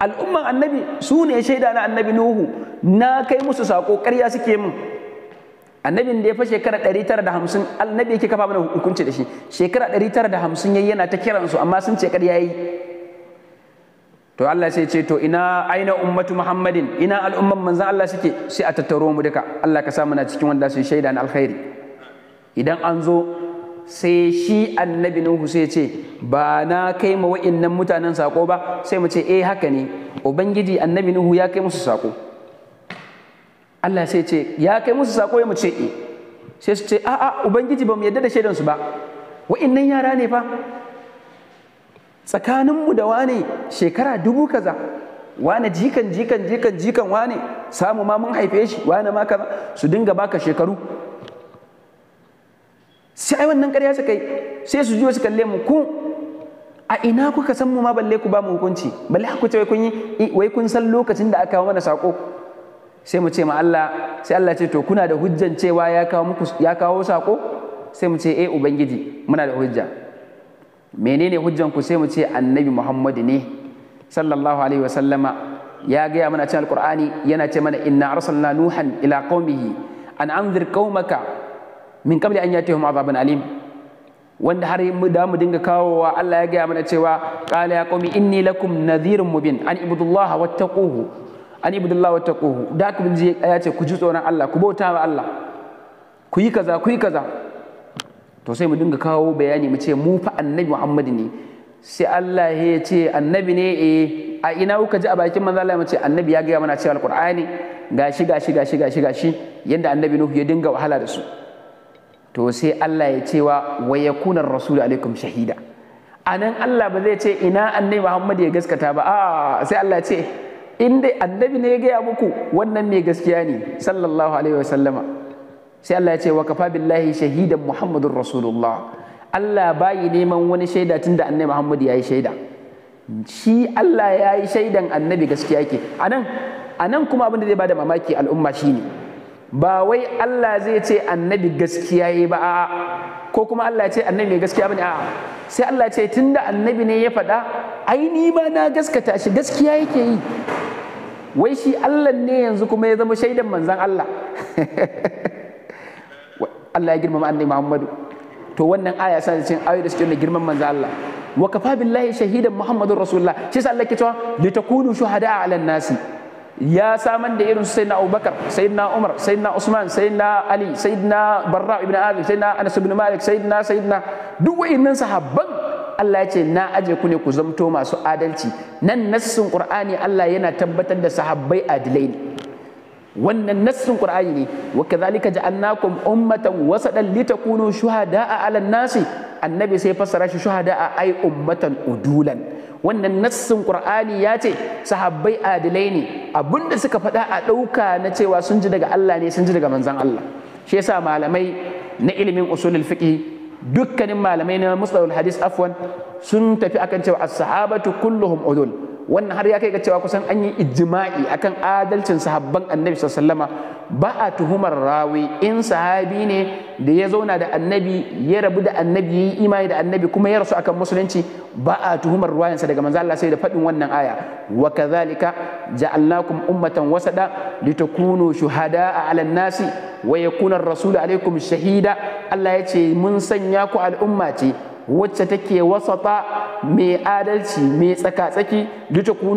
al'umman annabi sune shaidana annabi nuhu na kai musu sako ƙarya suke mun. annabin da ya fa shekara 950 annabi yake kafa mana hukunci da shi shekara 950 yayi yana ta kiran su amma sun ce kar yayi to Allah sai ce to ina aina ummatu Muhammadin ina al'umman manzon Allah suke sai a tattaro mu duka Allah ka sa muna cikin wanda su shaida na alkhairi idan an zo sai shi annabi Nuhu sai ce ba na kai ma nan mutanen sako ba sai mu ce eh haka ne ubangiji annabi Nuhu ya kai musu sako Allah sai ce ya kai musu sako ya mu ce e sai su ce a'a ubangiji ba mu yadda da shaidan su ba wa'annan yara ne fa tsakanin tsakaninmu da wane shekara dubu kaza wane jikan jikan jikan jikan wane samu ma mun haife shi wane ma kaza su dinga baka shekaru sai ai wannan ƙarya su kai? sai su jiyo su kalle mu ku a ina kuka san mu ma balle ku ba mu hukunci balle ku ce wai kun yi wai kun san lokacin da aka kawo mana sako sai mu ce ma Allah sai Allah ce to kuna da hujjan cewa ya kawo muku ya kawo sako sai mu ce eh ubangiji muna da hujja menene hujjan ku sai mu ce annabi Muhammadu ne sallallahu alaihi wasallama ya gaya mana cikin alqur'ani yana ce mana inna arsalna nuhan ila qaumihi an anzir qaumaka min qabli an yatihum azabun alim wanda har mu da mu dinga kawowa Allah ya gaya mana cewa qala ya qaumi inni lakum nadhirun mubin an ibudullaha wattaquhu an ibudullah ta taquhu da haka ji ya ce ku ji tsoron Allah ku bauta wa Allah ku yi kaza ku yi kaza to sai mu dinga kawo bayani mu ce mu fa annabi Muhammad ne sai Allah ya ce annabi ne eh a ina kuka ji a bakin manzo Allah ya ce annabi ya gaya mana cewa alqur'ani gashi gashi gashi gashi gashi yanda annabi Nuhu ya dinga wahala da su to sai Allah ya ce wa wayakunar rasulu alaikum shahida anan Allah ba zai ce ina annabi Muhammad ya gaskata ba a sai Allah ya ce in dai annabi ne ya gaya muku wannan mai gaskiya ne sallallahu alaihi wa sallama, sai Allah ya ce wa kafa billahi shahidan muhammadur rasulullah Allah bayi neman wani shaida tun da annabi Muhammad ya yi shaida shi Allah ya yi shaidan annabi gaskiya ke. anan anan kuma abin da zai bada mamaki al'umma shine ba wai Allah zai ce annabi gaskiya yi ba a'a ko kuma Allah ya ce annabi mai gaskiya bane a'a sai Allah ya ce tunda annabi ne ya faɗa ai ni ma na gaskata shi gaskiya yake yi wai shi Allah ne yanzu kuma ya zama shaidan manzan Allah Allah ya girmama annabi Muhammadu to wannan aya sa cikin ayoyi da suke da girman manzan Allah wa kafa billahi shahidan Muhammadur Rasulullah shi sa Allah ke cewa takunu shuhada ala nasi ya saman da irin sayyidina Abubakar sayyidina Umar sayyidina Usman sayyidina Ali sayyidina Barra ibn abi sayyidina Anas ibn Malik sayyidina sayyidina duk wayannan sahabban Allah ya ce na aje ku ne ku zamto masu adalci nan nassin Qur'ani Allah yana tabbatar da sahabbai adilai ne wannan nassin Qur'ani ne wa kadhalika ja'alnakum ummatan wasadan litakunu shuhada'a 'alan nasi annabi sai fassara shi shuhada'a ai ummatan udulan wannan nassin Qur'ani ya ce sahabbai adilai ne abinda suka faɗa a ɗauka na cewa sun ji daga Allah ne sun ji daga manzon Allah shi yasa malamai na ilimin usulul fiqh dukkanin malamai na mustalahul hadis afwan sun tafi akan cewa as-sahabatu kulluhum udul wannan har ya kai ga cewa kusan an yi ijma'i akan adalcin sahabban annabi sallallahu ba a tuhumar rawi in sahabi ne da ya zauna da annabi ya rabu da annabi yi imani da annabi kuma ya rasu akan musulunci ba a tuhumar ruwayansa daga manzo Allah sai da faɗin wannan aya wa kadhalika ja'alnakum ummatan wasada litakunu shuhada'a 'alan nasi wa yakuna ar-rasulu 'alaykum shahida Allah ya ce mun sanya ku al'umma ce wacce take wasata mai adalci mai tsaka-tsaki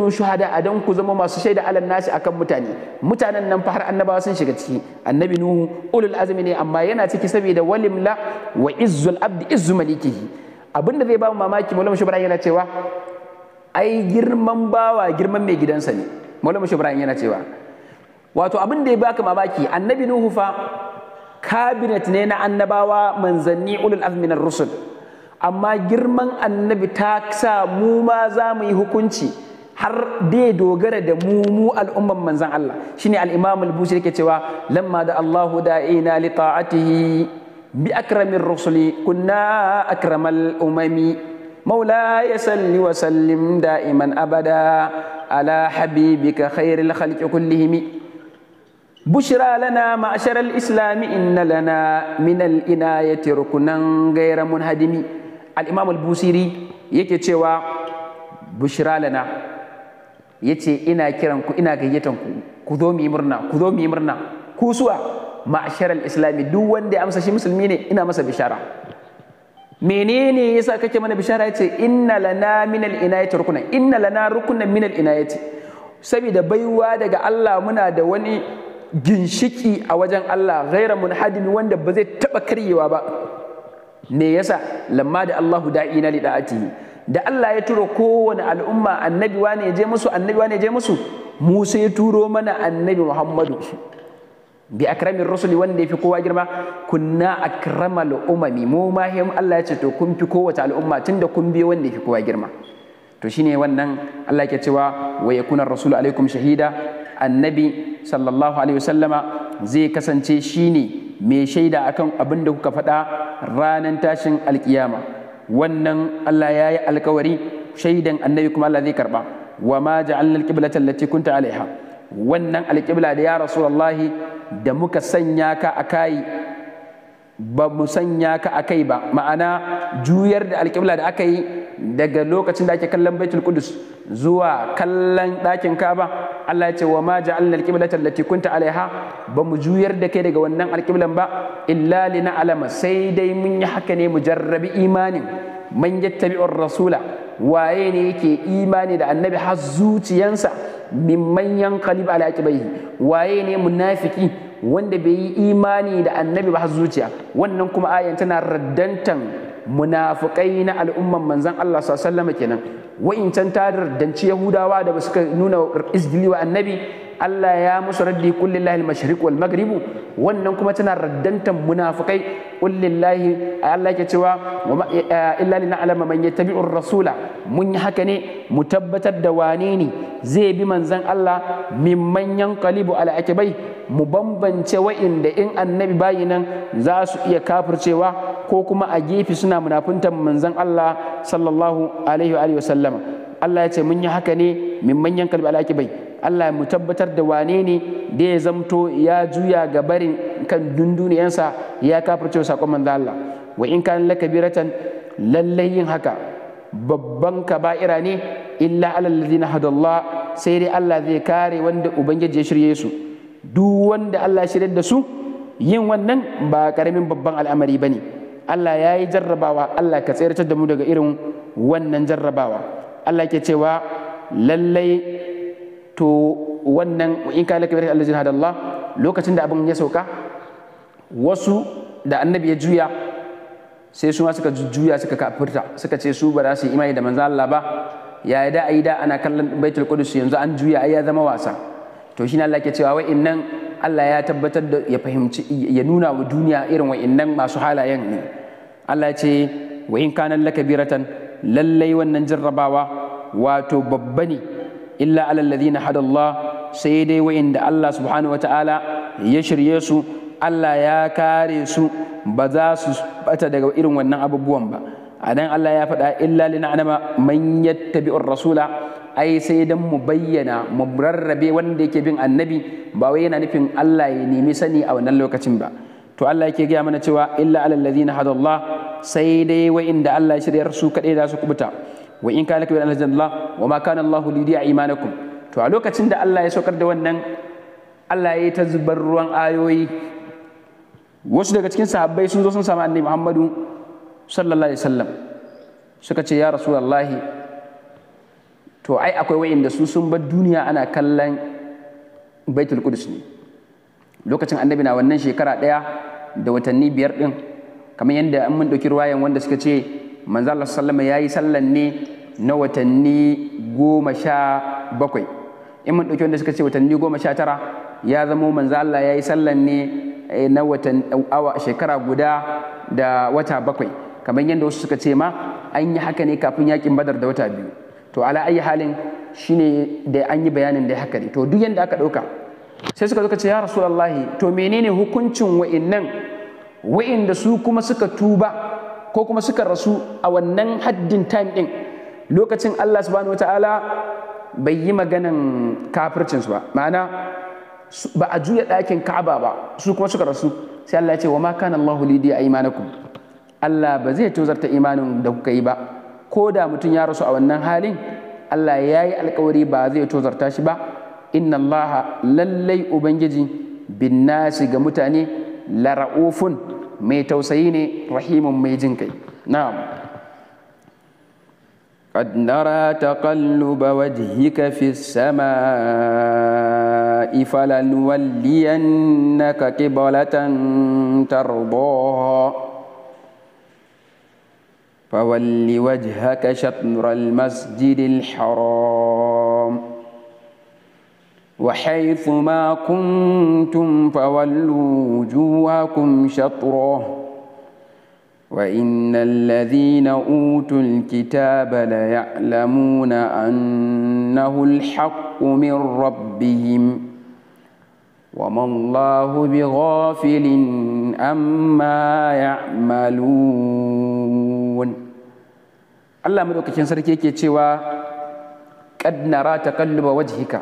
shuhada a dan ku zama masu shaida alal nasi akan mutane mutanen nan fa har annabawa sun shiga ciki annabi nuhu ulul azmi ne amma yana ciki saboda walimla wa izzul abdi izzu malikihi abinda zai ba mu mamaki maulama shubran yana cewa ai girman bawa girman mai gidansa ne maulama ibrahim yana cewa wato abin da ya baka mamaki annabi nuhu fa kabinet ne na annabawa manzanni ulul azmi na rusul amma girman annabi ta sa mu ma za mu yi hukunci har dai dogara da mu mu al'umman manzan Allah shine al-Imam al busiri yake cewa lamma da Allahu da'ina li ta'atihi bi akramir rusuli kunna akramal umami salli wa sallim daiman abada. Ala حبيبك خير الخلق كلهم بشرى لنا معشر الإسلام إن لنا من الإناية ركنا غير منهدم الإمام البوسيري yake cewa bushira lana yace ina kiran ku ina gayyatan ku ku zo mu yi ku zo mu yi murna ku suwa islami duk wanda ya amsa shi musulmi ne ina masa bishara menene yasa kake mana bishara yace inna lana minal inayati rukuna inna lana rukunan minal inayati saboda baiwa daga Allah muna da wani ginshiki a wajen Allah mun munhadimi wanda ba zai taba karyewa ba me yasa lamma da Allahu da'ina li da'ati da Allah ya turo kowane al'umma annabi wane ya je musu annabi wane ya je musu Musa ya turo mana annabi Muhammadu bi akramin rasuli wanda ya fi kowa girma kunna akramal umami mu ma Allah ya ce to kun fi kowace al'umma tunda kun biyo wanda ya fi kowa girma to shine wannan Allah yake cewa wa yakuna rasulu alaikum shahida annabi sallallahu alaihi wasallama zai kasance shine mai shaida akan abin da kuka faɗa ranar tashin alkiyama wannan Allah ya yi alkawari shaidan annabi kuma Allah zai karba wa ma ja'alna alqiblata allati kunta alaiha wannan alqibla da ya rasulullahi da muka sanya ka a kai ba mu sanya ka a kai ba ma'ana juyar da alƙibla da aka yi daga lokacin da ake kallon baitul kudus zuwa kallon ɗakin kaba Allah ya ce wa ma ja'alna alqiblata allati kunta alaiha ba mu juyar da kai daga wannan alƙiblan ba illa lina alama sai dai mun yi haka ne mu jarrabi imanin man yattabi'ur rasula waye ne yake imani da annabi har zuciyarsa. mimman yanqalib ala aqibaihi waye ne munafiki wanda bai yi imani da annabi ba zuciya wannan kuma ayan tana raddantan munafukai na al'umman manzan Allah sallallahu alaihi wasallam kenan wa'incan ta raddanci yahudawa da ba suka nuna izgili wa annabi Allah ya musu raddi qul lillahi al-mashriq wal maghrib wannan kuma tana raddantan munafikai qul lillahi Allah yake cewa eh, eh, illa lin'alama man yattabi'u ar-rasula mun yi haka ne mu tabbatar da wane ne zai bi manzon Allah mimman yanqalibu ala akibai mu bambance wa'inda in annabi bayi nan za su iya kafircewa ko kuma a gefe suna munafuntan manzon Allah sallallahu alaihi wa sallam Allah ya ce mun yi haka ne min manyan kalbi bai Allah mu tabbatar da wane ne da ya zamto ya juya ga barin kan 'yansa ya kafirce sakon manzo Allah wa in kan lakabiratan lallai yin haka babban kaba'ira ne illa alal ladina hadallah sai dai Allah zai kare wanda ubangiji ya shirye su duk wanda Allah ya shirye da su yin wannan ba karamin babban al'amari bane Allah ya yi jarrabawa Allah ka tsayar da mu daga irin wannan jarrabawa Allah ke cewa lallai to wannan in ka laka Allah jin hadallah lokacin da abin ya sauka wasu da annabi ya juya sai su ma suka juya suka kafirta suka ce su ba za su yi imani da manzo Allah ba ya da ayi da ana kallon baitul qudus yanzu an juya ai ya zama wasa to ne Allah ke cewa nan Allah ya tabbatar da ya fahimci ya nuna wa duniya irin nan masu halayen ne Allah ce wa in kana lakabiratan lallai wannan jarrabawa wato babba ne illa na hadallah sai dai da Allah subhanahu ta'ala ya shirye su Allah ya kare su ba za su bata daga irin wannan abubuwan ba a nan Allah ya faɗa illa lina'anama man yattabi'ur rasula ai sai dan mu bayyana mu rarrabe wanda yake bin annabi ba wai yana nufin Allah ya nemi sani a wannan lokacin ba to Allah yake gaya mana cewa illa alal ladina Allah sai dai wa'inda Allah ya shiryar su kadai da su kubuta wa in kana alal aljanna wa ma kana Allah lidi'a imanakum to a lokacin da Allah ya saukar da wannan Allah ya ta zubar ruwan ayoyi wasu daga cikin sahabbai sun zo sun samu annabi Muhammadu sallallahu alaihi wasallam suka ce ya rasulullah to ai akwai wa'inda su sun bar duniya ana kallon baitul qudus ne lokacin annabi na wannan shekara ɗaya da watanni biyar ɗin kamar yadda an mun ɗauki ruwayan wanda suka ce manzo sallama ya yi sallan ne na watanni goma sha bakwai in mun ɗauki wanda suka ce watanni goma sha tara ya zamo manzo Allah ya yi sallan ne eh, na watan eh, awa shekara guda da wata bakwai kamar yadda wasu suka ce ma an yi haka ne kafin yakin badar da wata biyu to ala ayi halin shine da an yi bayanin da haka ne to duk yadda aka ɗauka sai suka suka ce ya rasulullahi to menene hukuncin wa'innan wa'inda su kuma suka tuba ko kuma suka rasu a wannan haddin time din lokacin Allah subhanahu wataala bai yi maganan kafircinsu ba ma'ana ba a juya ɗakin Ka'aba ba su kuma suka rasu sai Allah ya ce wa ma kana Allahu lidiya imanakum Allah ba zai tozarta imanin da kuka yi ba ko da mutum ya rasu a wannan halin Allah ya yi alkawari ba zai tozarta shi ba inna allaha lallai ubangiji bin nasi ga mutane lara'ufun mai tausayi ne rahimun mai jin kai na'am قد نرى تقلب وجهك في السماء فلنولينك قبلة ترضاها فول وجهك شطر المسجد الحرام وحيث ما كنتم فولوا وجوهكم شطره وإن الذين أوتوا الكتاب ليعلمون أنه الحق من ربهم وما الله بغافل أما يعملون الله ملوك تنسركيك تشوى قد نرى تقلب وجهك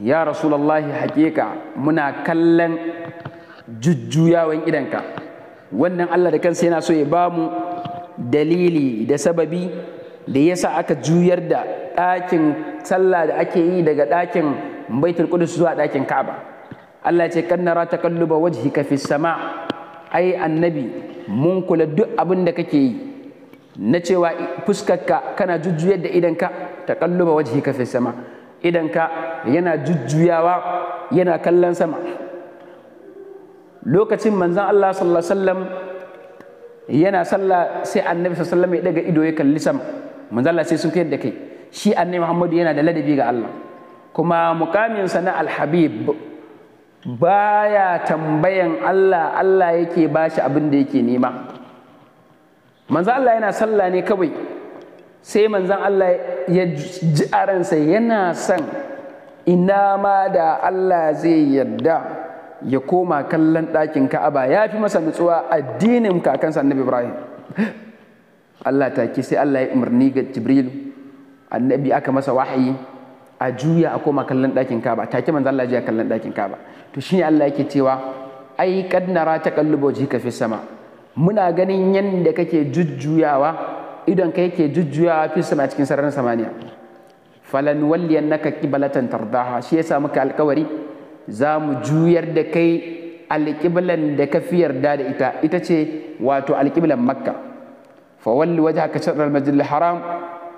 ya rasulallahi haƙiƙa muna kallon jujjuyawan idanka wannan Allah da kansa yana so ya ba mu dalili da sababi da ya sa aka juyar da ɗakin sallah da ake yi daga ɗakin baitul qudus zuwa ɗakin ka'aba Allah ce kan nara taqalluba ka fi sama ai annabi mun kula duk abin da kake yi na cewa fuskarka kana jujjuyar da idanka ta taqalluba ka fi sama idan ka yana jujjuyawa yana kallon sama lokacin manzan Allah sallallahu sallam yana sallah sai annabi sallallahu ya daga ido ya kalli sama manzan Allah sai sun kai da kai shi annabi Muhammadu yana da ladabi ga Allah kuma mukamin na alhabib baya tambayan Allah Allah yake bashi abin da yake nema manzan Allah yana sallah ne kawai sai manzan Allah ya ji a yana son ina ma da Allah zai yarda ya koma kallon ɗakin ka'aba ya fi masa nutsuwa addinin kakansa annabi Ibrahim Allah ta ke sai Allah ya umarni ga Jibril annabi aka masa wahayi a juya a koma kallon ɗakin ka'aba Ta take manzan Allah ya kallon ɗakin ka'aba to shine Allah yake cewa ai kad nara ji jika fi sama muna ganin yanda kake jujjuyawa idon ka yake jujjuya fi sama cikin sararin samaniya falan walliyan naka kibalatan tardaha shi yasa muka alkawari za mu juyar da kai alkiblan da ka fi yarda da ita ita ce wato alƙiblan makka fa walli waje ka masjid al haram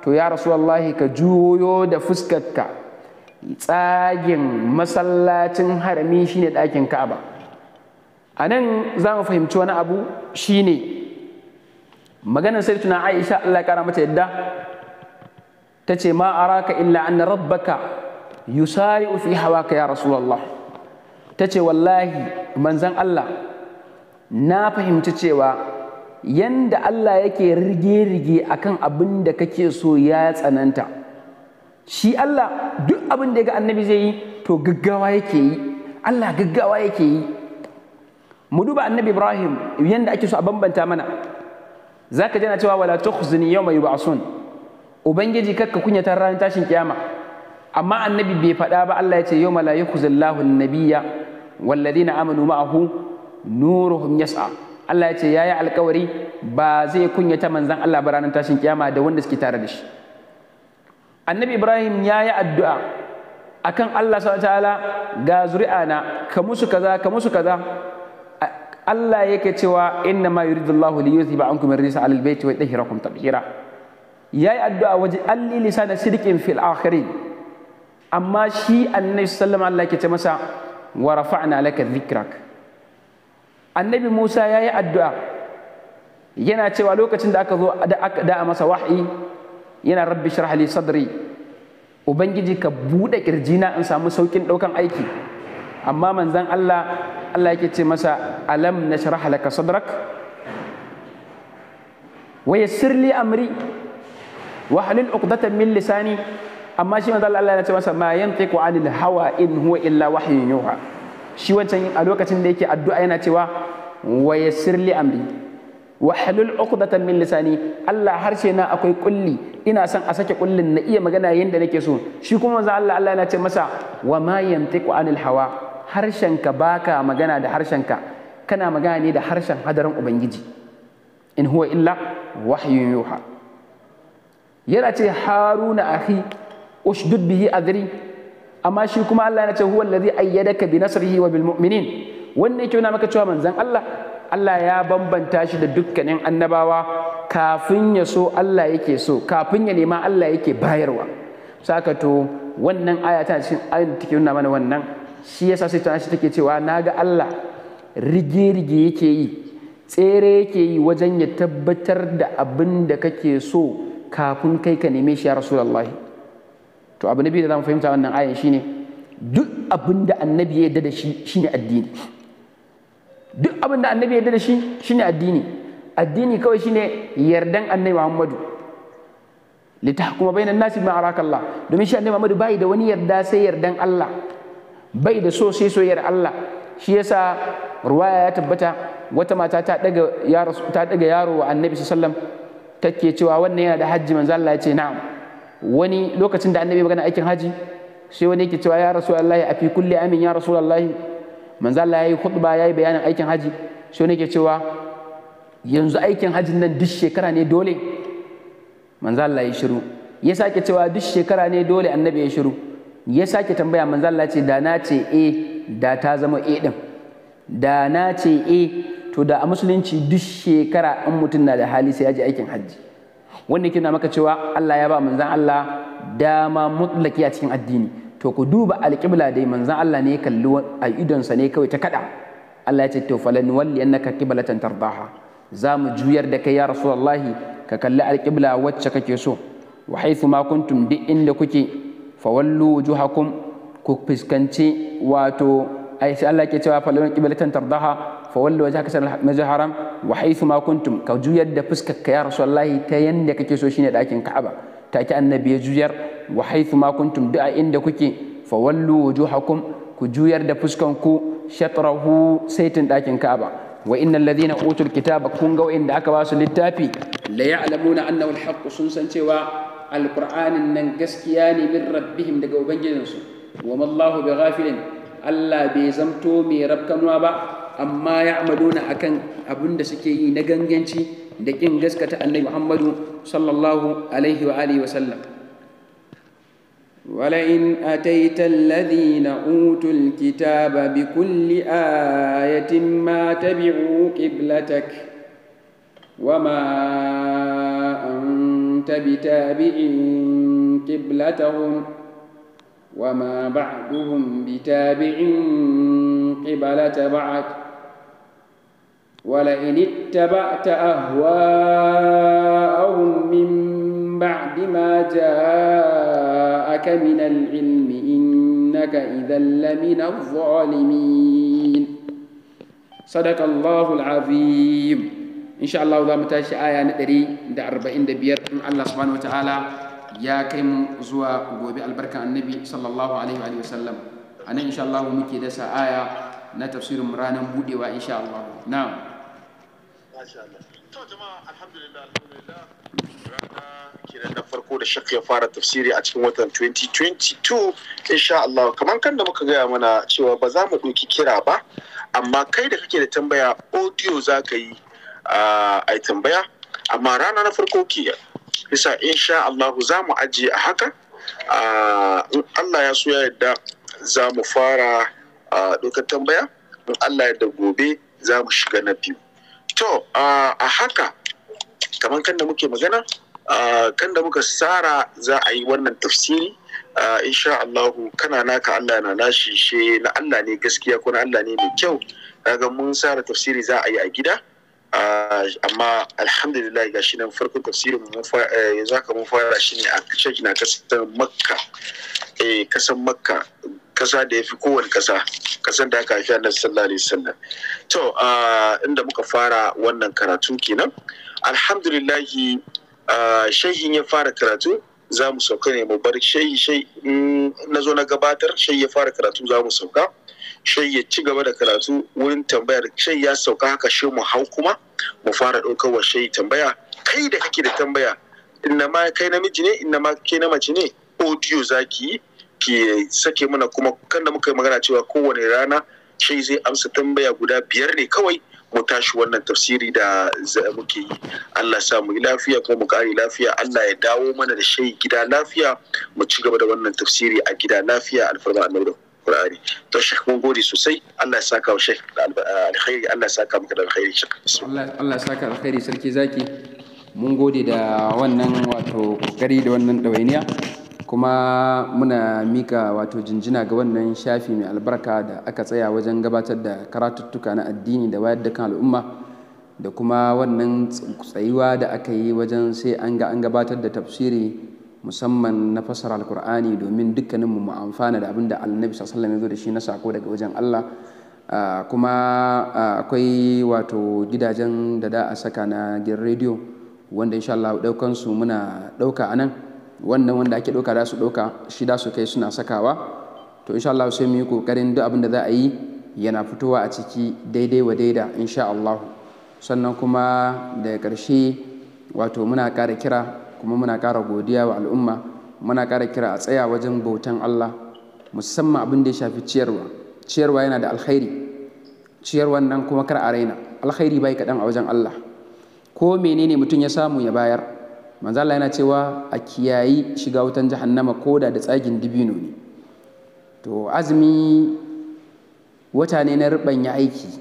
to ya wallahi ka juyo da fuskarka tsagin masallacin harami shine ɗakin ka'aba Anan za mu fahimci wani abu shine maganar sai tuna aisha Allah ya kara mata yadda ta ce ma araka illa anna rabbaka yusari'u fi hawaka ya rasulullah ta ce wallahi manzan Allah na fahimci cewa yanda Allah yake rige-rige akan abin da kake so ya tsananta shi Allah duk abin da ya ga annabi zai yi to gaggawa yake yi Allah gaggawa yake yi mu duba annabi Ibrahim yanda ake so a bambanta mana zaka ka cewa wala tukhzini yawma yub'asun ubangiji kakka kunyata ranar tashin kiyama amma annabi bai faɗa ba Allah ya ce yawma la yukhzillahu an-nabiyya na amanu ma'ahu nuruhum yas'a Allah ya ce yayi alkawari ba zai kunyata manzon Allah ba ranar tashin kiyama da wanda suke tare da shi annabi Ibrahim ya yi addu'a akan Allah subhanahu wa ta'ala ga zuri'ana ka musu kaza ka musu kaza Allah yake cewa inna ma yuridullahu li yuthiba ankum ar-risa 'ala al-bayti wa yutahhirakum tatheera yayi addu'a waje alli lisana sidqin fil akhirin amma shi annabi sallallahu alaihi yake ce masa wa rafa'na laka dhikrak annabi Musa yayi addu'a yana cewa lokacin da aka zo da a masa wahyi yana rabbi shrah li sadri ubangiji ka bude kirjina in samu saukin daukan aiki amma manzon Allah Allah yake ce masa alam na laka sadrak wa yassir li amri wa halil uqdatan min lisani amma shi manzo Allah ya ce masa ma yantiqu anil hawa in huwa illa wahyun yuha shi wancan a lokacin da yake addu'a yana cewa wa yassir li amri wa halil uqdatan min lisani Allah harshe na akwai kulli ina son a sake kullin na iya magana yadda nake so shi kuma manzo Allah Allah yana ce masa wa ma yantiqu anil hawa Harshen harshenka baka magana da harshen ka. kana magana ne da harshen hadarin ubangiji in huwa illa wahyun yuha yana ce haruna akhi ushdud bihi adri amma shi kuma Allah yana ce huwa allazi ayyadaka bi nasrihi wa bil mu'minin wannan yake nuna maka cewa manzon Allah Allah ya bambanta shi da dukkanin annabawa kafin ya so Allah yake so kafin ya nema Allah yake bayarwa saka to wannan aya ta cikin ayin take nuna mana wannan shi yasa sai ta shi take cewa naga Allah rige-rige yake yi tsere yake yi wajen ya tabbatar da abin da kake so kafin kai ka neme shi ya rasulullahi to abu nabi biyu da zamu fahimta wannan ayan shine duk abin da annabi ya yarda da shi shine addini duk abin da annabi ya yarda da shi shine addini addini kawai shine yardan annabi Muhammadu litahkuma bainan nasi bima araka Allah domin shi annabi Muhammadu bai da wani yarda sai yardan Allah bai da so sai soyayyar Allah shi yasa ruwaya ya tabbata wata mata ta daga yaro ta daga yaro wa annabi sallallahu take cewa wannan yana da hajji manzo Allah ya ce na'am wani lokacin da annabi magana aikin haji sai wani yake cewa ya Rasulullah a fi kulli amin ya Rasulullah manzo Allah yayi khutba yayi bayanin aikin haji sai wani yake cewa yanzu aikin hajin nan duk shekara ne dole manzo Allah ya shiru ya sake cewa duk shekara ne dole annabi ya shiru ya sake tambaya manzo Allah ce da na ce e da ta zama e din da na ce e to da a musulunci duk shekara in mutum na da hali sai ya je aikin hajji wanda yake maka cewa Allah ya ba manzo Allah dama mutlaki a cikin addini to ku duba alƙibla dai manzo Allah ne kalli a idonsa ne kawai ta kada Allah ya ce to falan walli annaka qiblatan tardaha za mu juyar da kai ya rasulullahi ka kalli alƙibla wacce kake so wa haythu ma kuntum duk inda kuke fawallu wujuhakum ku fuskanci wato ai sai Allah ke cewa falon kiblatan tardaha fawallu wajhaka sal masjid haram wa haythu ma kuntum ka juyar da fuskar ka ya rasulullahi ta yanda kake so shine dakin Ka'aba Ta ki annabi ya juyar wa haythu ma kuntum da inda kuke fawallu wujuhakum ku juyar da fuskanku ku shatrahu saitin dakin Ka'aba wa innal ladina utul kitaba kun ga wa'inda aka ba su littafi la ya'lamuna annahu al sun san cewa القرآن إن جسكيان من ربهم دعوا بنجلس وما الله بغافل الله بيزمتو مي ربكم وابا أما يعملون أكن أبند سكي نجن جنتي دكين جسكة أن محمد صلى الله عليه وآله وسلم ولئن أتيت الذين أوتوا الكتاب بكل آية ما تبعوا قبلتك وما كنت بتابع قبلتهم وما بعدهم بتابع قبلة بعد ولئن اتبعت أهواءهم من بعد ما جاءك من العلم إنك إذا لمن الظالمين صدق الله العظيم sha Allah za mu tashi aya na 145 in Allah subhanahu wataala ya kai mu zuwa gobe albarkan annabi sallallahu alaihi wa sallam in sha Allah muke dasa aya na tafsirin ranar budewa sha Allah na'am masha Allah to jama'a alhamdulillah alhamdulillah kenan na farko da shak ya fara tafsiri a cikin watan 2022 sha Allah kamar kan da muka gaya mana cewa ba za mu ɗauki kira ba amma kai da kake da tambaya audio za ka yi a tambaya amma rana na farko ke bisa insha Allahu za mu ajiye a haka in Allah ya so ya yadda za mu fara dokar tambaya in Allah yadda gobe za mu shiga na biyu to a haka kamar kan da muke magana kan da muka tsara za a yi wannan tafsiri insha Allahu kana naka Allah na nashi she na Allah ne gaskiya ko na Allah ne mai kyau daga mun tsara tafsiri za a yi a gida Ah, amma alhamdulillah ga shi nan farkon tafsirin eh, yanzu haka mun fara shi ne a shaki na kasar makka eh kasar makka kasa da ya fi kowane kasa kasar da aka haifi a sallallahu alaihi wasallam to ah, inda muka fara wannan karatu kenan alhamdulillah ah, shehin ya fara karatu za mu sauka ne mu bar shehi na zo na gabatar shehi ya fara karatu za mu sauka shai ya ci gaba da karatu wurin tambayar shai ya sauka haka shi mu hau kuma mu fara ɗaukar wa shai tambaya kai da kake da tambaya inna ma kai namiji ne inna ma kai na mace ne audio zaki ki sake mana kuma kan da muka yi magana cewa kowane rana shai zai amsa tambaya guda biyar ne kawai mu tashi wannan tafsiri da muke yi Allah sa mu lafiya kuma mu kare lafiya Allah ya dawo mana da shai gida lafiya mu ci gaba da wannan tafsiri a gida lafiya alfarma annabi alkur'ani to shek mun gode sosai Allah ya saka wa shek ah, alkhairi Allah ya saka maka da alkhairi shek Allah ya saka alkhairi sarki zaki mun gode da wannan wato kokari da wannan dawainiya kuma muna mika wato jinjina ga wannan shafi mai albarka da aka tsaya wajen gabatar da karatuttuka na addini da wayar da kan al'umma da kuma wannan tsayuwa da aka yi wajen sai an ga an gabatar da tafsiri musamman na fasara alkur'ani domin dukkaninmu mu amfana da abinda da annabi sallallahu ya zo da shi na sako daga wajen Allah kuma akwai wato gidajen da da a saka na gin rediyo wanda insha Allah daukan su muna dauka anan wannan wanda ake dauka da su dauka shi da su kai suna sakawa to insha Allah sai mu yi kokarin duk abin da za a yi yana fitowa a ciki daidai wa daida insha Allah sannan kuma da ƙarshe wato muna ƙara kira kuma muna kara godiya wa al'umma muna kara kira a tsaya wajen bautan Allah musamman abin da ya shafi ciyarwa ciyarwa yana da alkhairi ciyarwan nan kuma kar a raina alkhairi bai kaɗan a wajen Allah ko menene mutum ya samu ya bayar manzo Allah yana cewa a kiyayi shiga wutan jahannama ko da tsagin dibino ne to azumi wata ne na rubanya aiki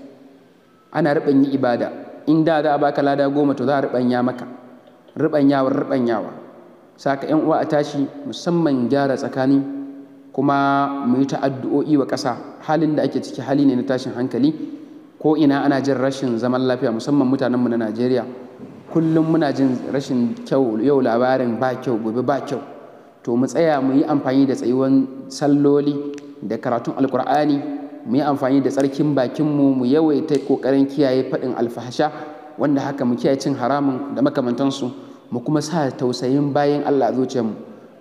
ana rubanya ibada in da za a baka lada goma to za a rubanya maka riban yawa saka yan uwa a tashi musamman gyara tsakani kuma mu yi ta'addu'o'i wa ƙasa halin da ake ciki hali ne na tashin hankali ko ina ana jin rashin zaman lafiya musamman mutanen mu na najeriya kullum muna jin rashin kyau yau labarin ba kyau gobe ba kyau to mu tsaya mu yi amfani da tsayuwan salloli da karatun alkur'ani mu yi amfani da tsarkin bakinmu mu yawaita ƙoƙarin kiyaye faɗin alfahasha wanda haka mu kiyaye cin haramun da makamantansu mu kuma sa tausayin bayan Allah a mu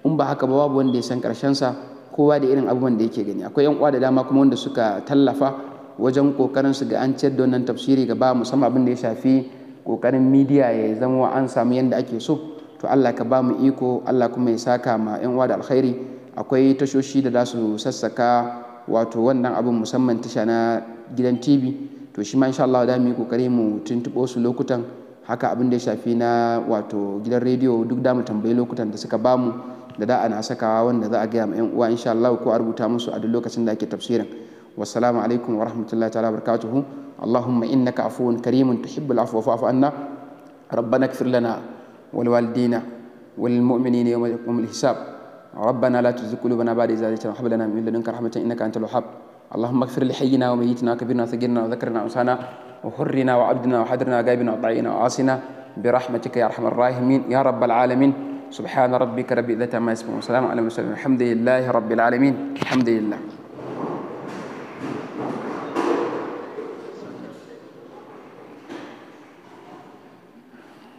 in ba haka ba babu wanda ya san karshen sa kowa da irin abubuwan da yake gani akwai yan uwa da dama kuma wanda suka tallafa wajen kokarin su ga an ciyar da wannan tafsiri gaba musamman abin da ya shafi kokarin midiya ya zama an samu yanda ake so to Allah ka ba mu iko Allah kuma ya saka ma yan uwa da alkhairi akwai tashoshi da za su sassaka wato wannan abin musamman tasha na gidan TV to shi ma insha Allah da mu yi kokari mu tuntuɓo su lokutan haka abin da ya shafi na wato gidan rediyo duk da mu tambayi lokutan da suka bamu da da ana sakawa wanda za a gaya ma 'yan uwa insha Allah ko a rubuta musu a duk lokacin da ake tafsirin wassalamu alaikum wa rahmatullahi ta'ala barakatuhu allahumma innaka afuwun karimun tuhibbul afwa fa'fu anna rabbana ighfir lana wal walidina wal mu'minina yawma yaqumul hisab ربنا لا تزغ قلوبنا بعد إذ هديتنا وهب لنا من لدنك رحمة إنك أنت الوهاب اللهم اغفر لحينا وميتنا وكبيرنا وسجيرنا وذكرنا وانسانا وحرنا وعبدنا وحدرنا وغائبنا وطعينا وعاصنا برحمتك يا ارحم الراحمين يا رب العالمين سبحان ربك رب العزه عما يصفون وسلام على المرسلين الحمد لله رب العالمين الحمد لله